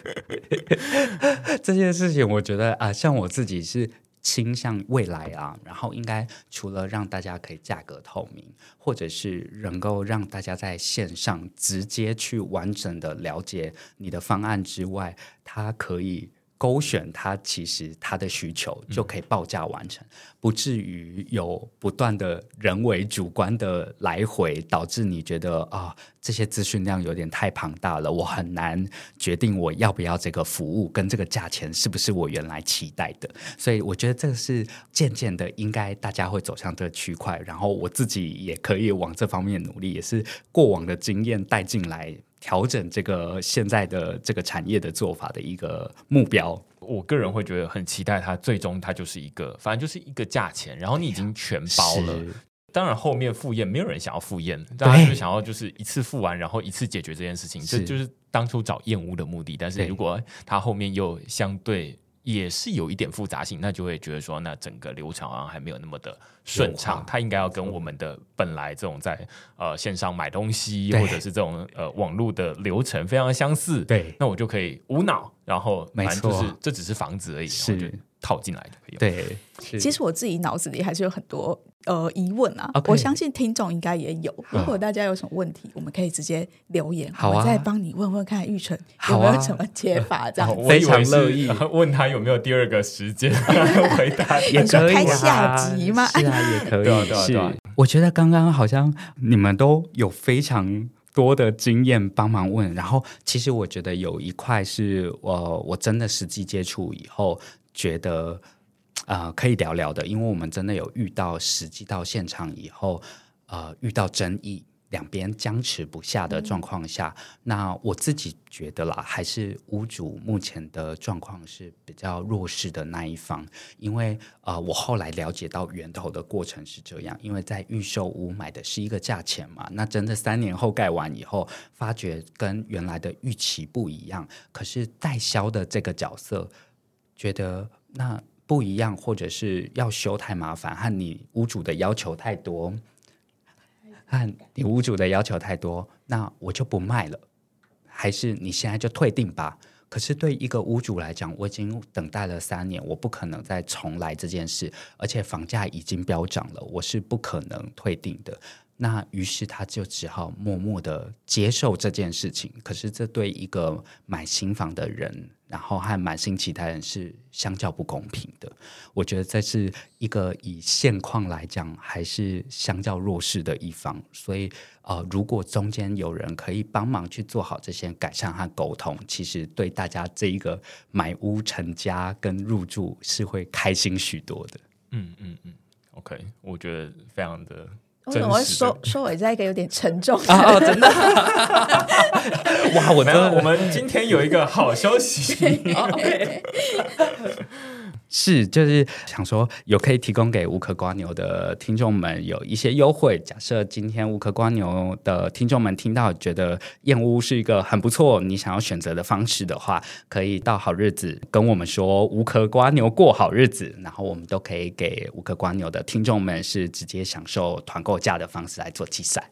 對。 (laughs) (laughs) 這件事情我覺得啊，像我自己是傾向未來啊，然後應該除了讓大家可以價格透明，或者是能夠讓大家在線上直接去完整的了解你的方案之外，它可以。勾選它，其實它的需求就可以報價完成，嗯、不至於有不斷的人為主觀的來回，導致你覺得啊、哦，這些資訊量有點太龐大了，我很難決定我要不要這個服務，跟這個價錢是不是我原來期待的。所以我覺得這個是漸漸的，應該大家會走向這個區塊，然後我自己也可以往這方面努力，也是過往的經驗帶進來。調整這個現在的這個產業的做法的一個目標，我個人會覺得很期待它最終它就是一個，反正就是一個價錢，然後你已經全包了。是當然後面複驗沒有人想要複驗，大家就想要就是一次複完，然後一次解決這件事情，對這就是當初找驗屋的目的。但是如果他後面又相對。也是有一點複雜性，那就會覺得說，那整個流程好像還沒有那麼的順暢，它化應該要跟我們的本來這種在化呃線上買東西對或者是這種呃網絡的流程非常相似。對，那我就可以無腦，然後、就是、沒錯，就是這只是房子而已。是。然後就套進來的對，其實我自己腦子裡還是有很多呃疑問啊。Okay, 我相信聽眾應該也有，如果大家有什麼問題，好我們可以直接留言，好啊、我再幫你問問看昱存有沒有什麼解法，這樣、啊呃、我非常樂意。問他有沒有第二個時間回答，也可以下集嘛。是啊，也可以。對，對我覺得剛剛好像你們都有非常多的經驗幫忙問，然後其實我覺得有一塊是、呃，我真的實際接觸以後。覺得啊、呃，可以聊聊的，因為我們真的有遇到實際到現場以後，呃遇到爭議，兩邊僵持不下的狀況下，嗯、那我自己覺得啦，還是屋主目前的狀況是比較弱勢的那一方，因為呃我後來了解到源頭的過程是這樣，因為在預售屋買的是一個價錢嘛，那真的三年後蓋完以後，發覺跟原來的預期不一樣，可是代銷的這個角色。覺得那不一樣，或者是要修太麻煩，和你屋主的要求太多，和你屋主的要求太多，那我就不賣了。還是你現在就退訂吧。可是對一個屋主來講，我已經等待了三年，我不可能再重來這件事，而且房價已經飆漲了，我是不可能退訂的。那於是他就只好默默的接受這件事情。可是這對一個買新房的人，然後還滿心期待的人是相較不公平的。我覺得這是一個以現況來講還是相較弱勢的一方。所以呃，如果中間有人可以幫忙去做好這些改善和溝通，其實對大家這一個買屋成家跟入住是會開心許多的。嗯嗯嗯，OK，我覺得非常的。哦、我怎麼會說說我這個有點沉重啊？啊，真的！ (laughs) 哇，我呢，我們今天有一個好消息。 (laughs) (laughs) 是，就是想說有可以提供給無殼蝸牛的聽眾們有一些優惠。假設今天無殼蝸牛的聽眾們聽到覺得驗屋是一個很不錯，你想要選擇的方式的話，可以到好日子跟我們說無殼蝸牛過好日子，然後我們都可以給無殼蝸牛的聽眾們是直接享受團購價的方式來做計算。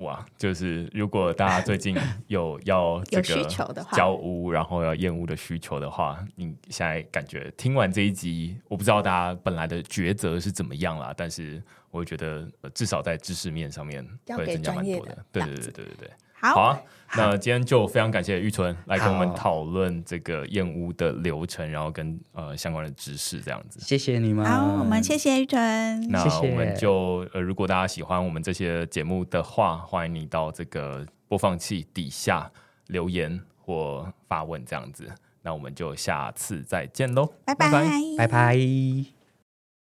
哇，就是如果大家最近有要這個 (laughs) 的話，交屋然後要驗屋的需求的話，你現在感覺聽完這一集，我不知道大家本來的抉擇是怎麼樣啦，但是我會覺得、呃、至少在知識面上面會增加蠻多的，的對對對對對。好啊，好，那今天就非常感謝昱存來跟我們討論這個驗屋的流程，好然後跟呃相關的知識這樣子。謝謝你們，好，我們謝謝昱存，那我們就呃，如果大家喜歡我們這些節目的話，歡迎你到這個播放器底下留言或發問這樣子。那我們就下次再見嘍，拜拜 bye，拜拜。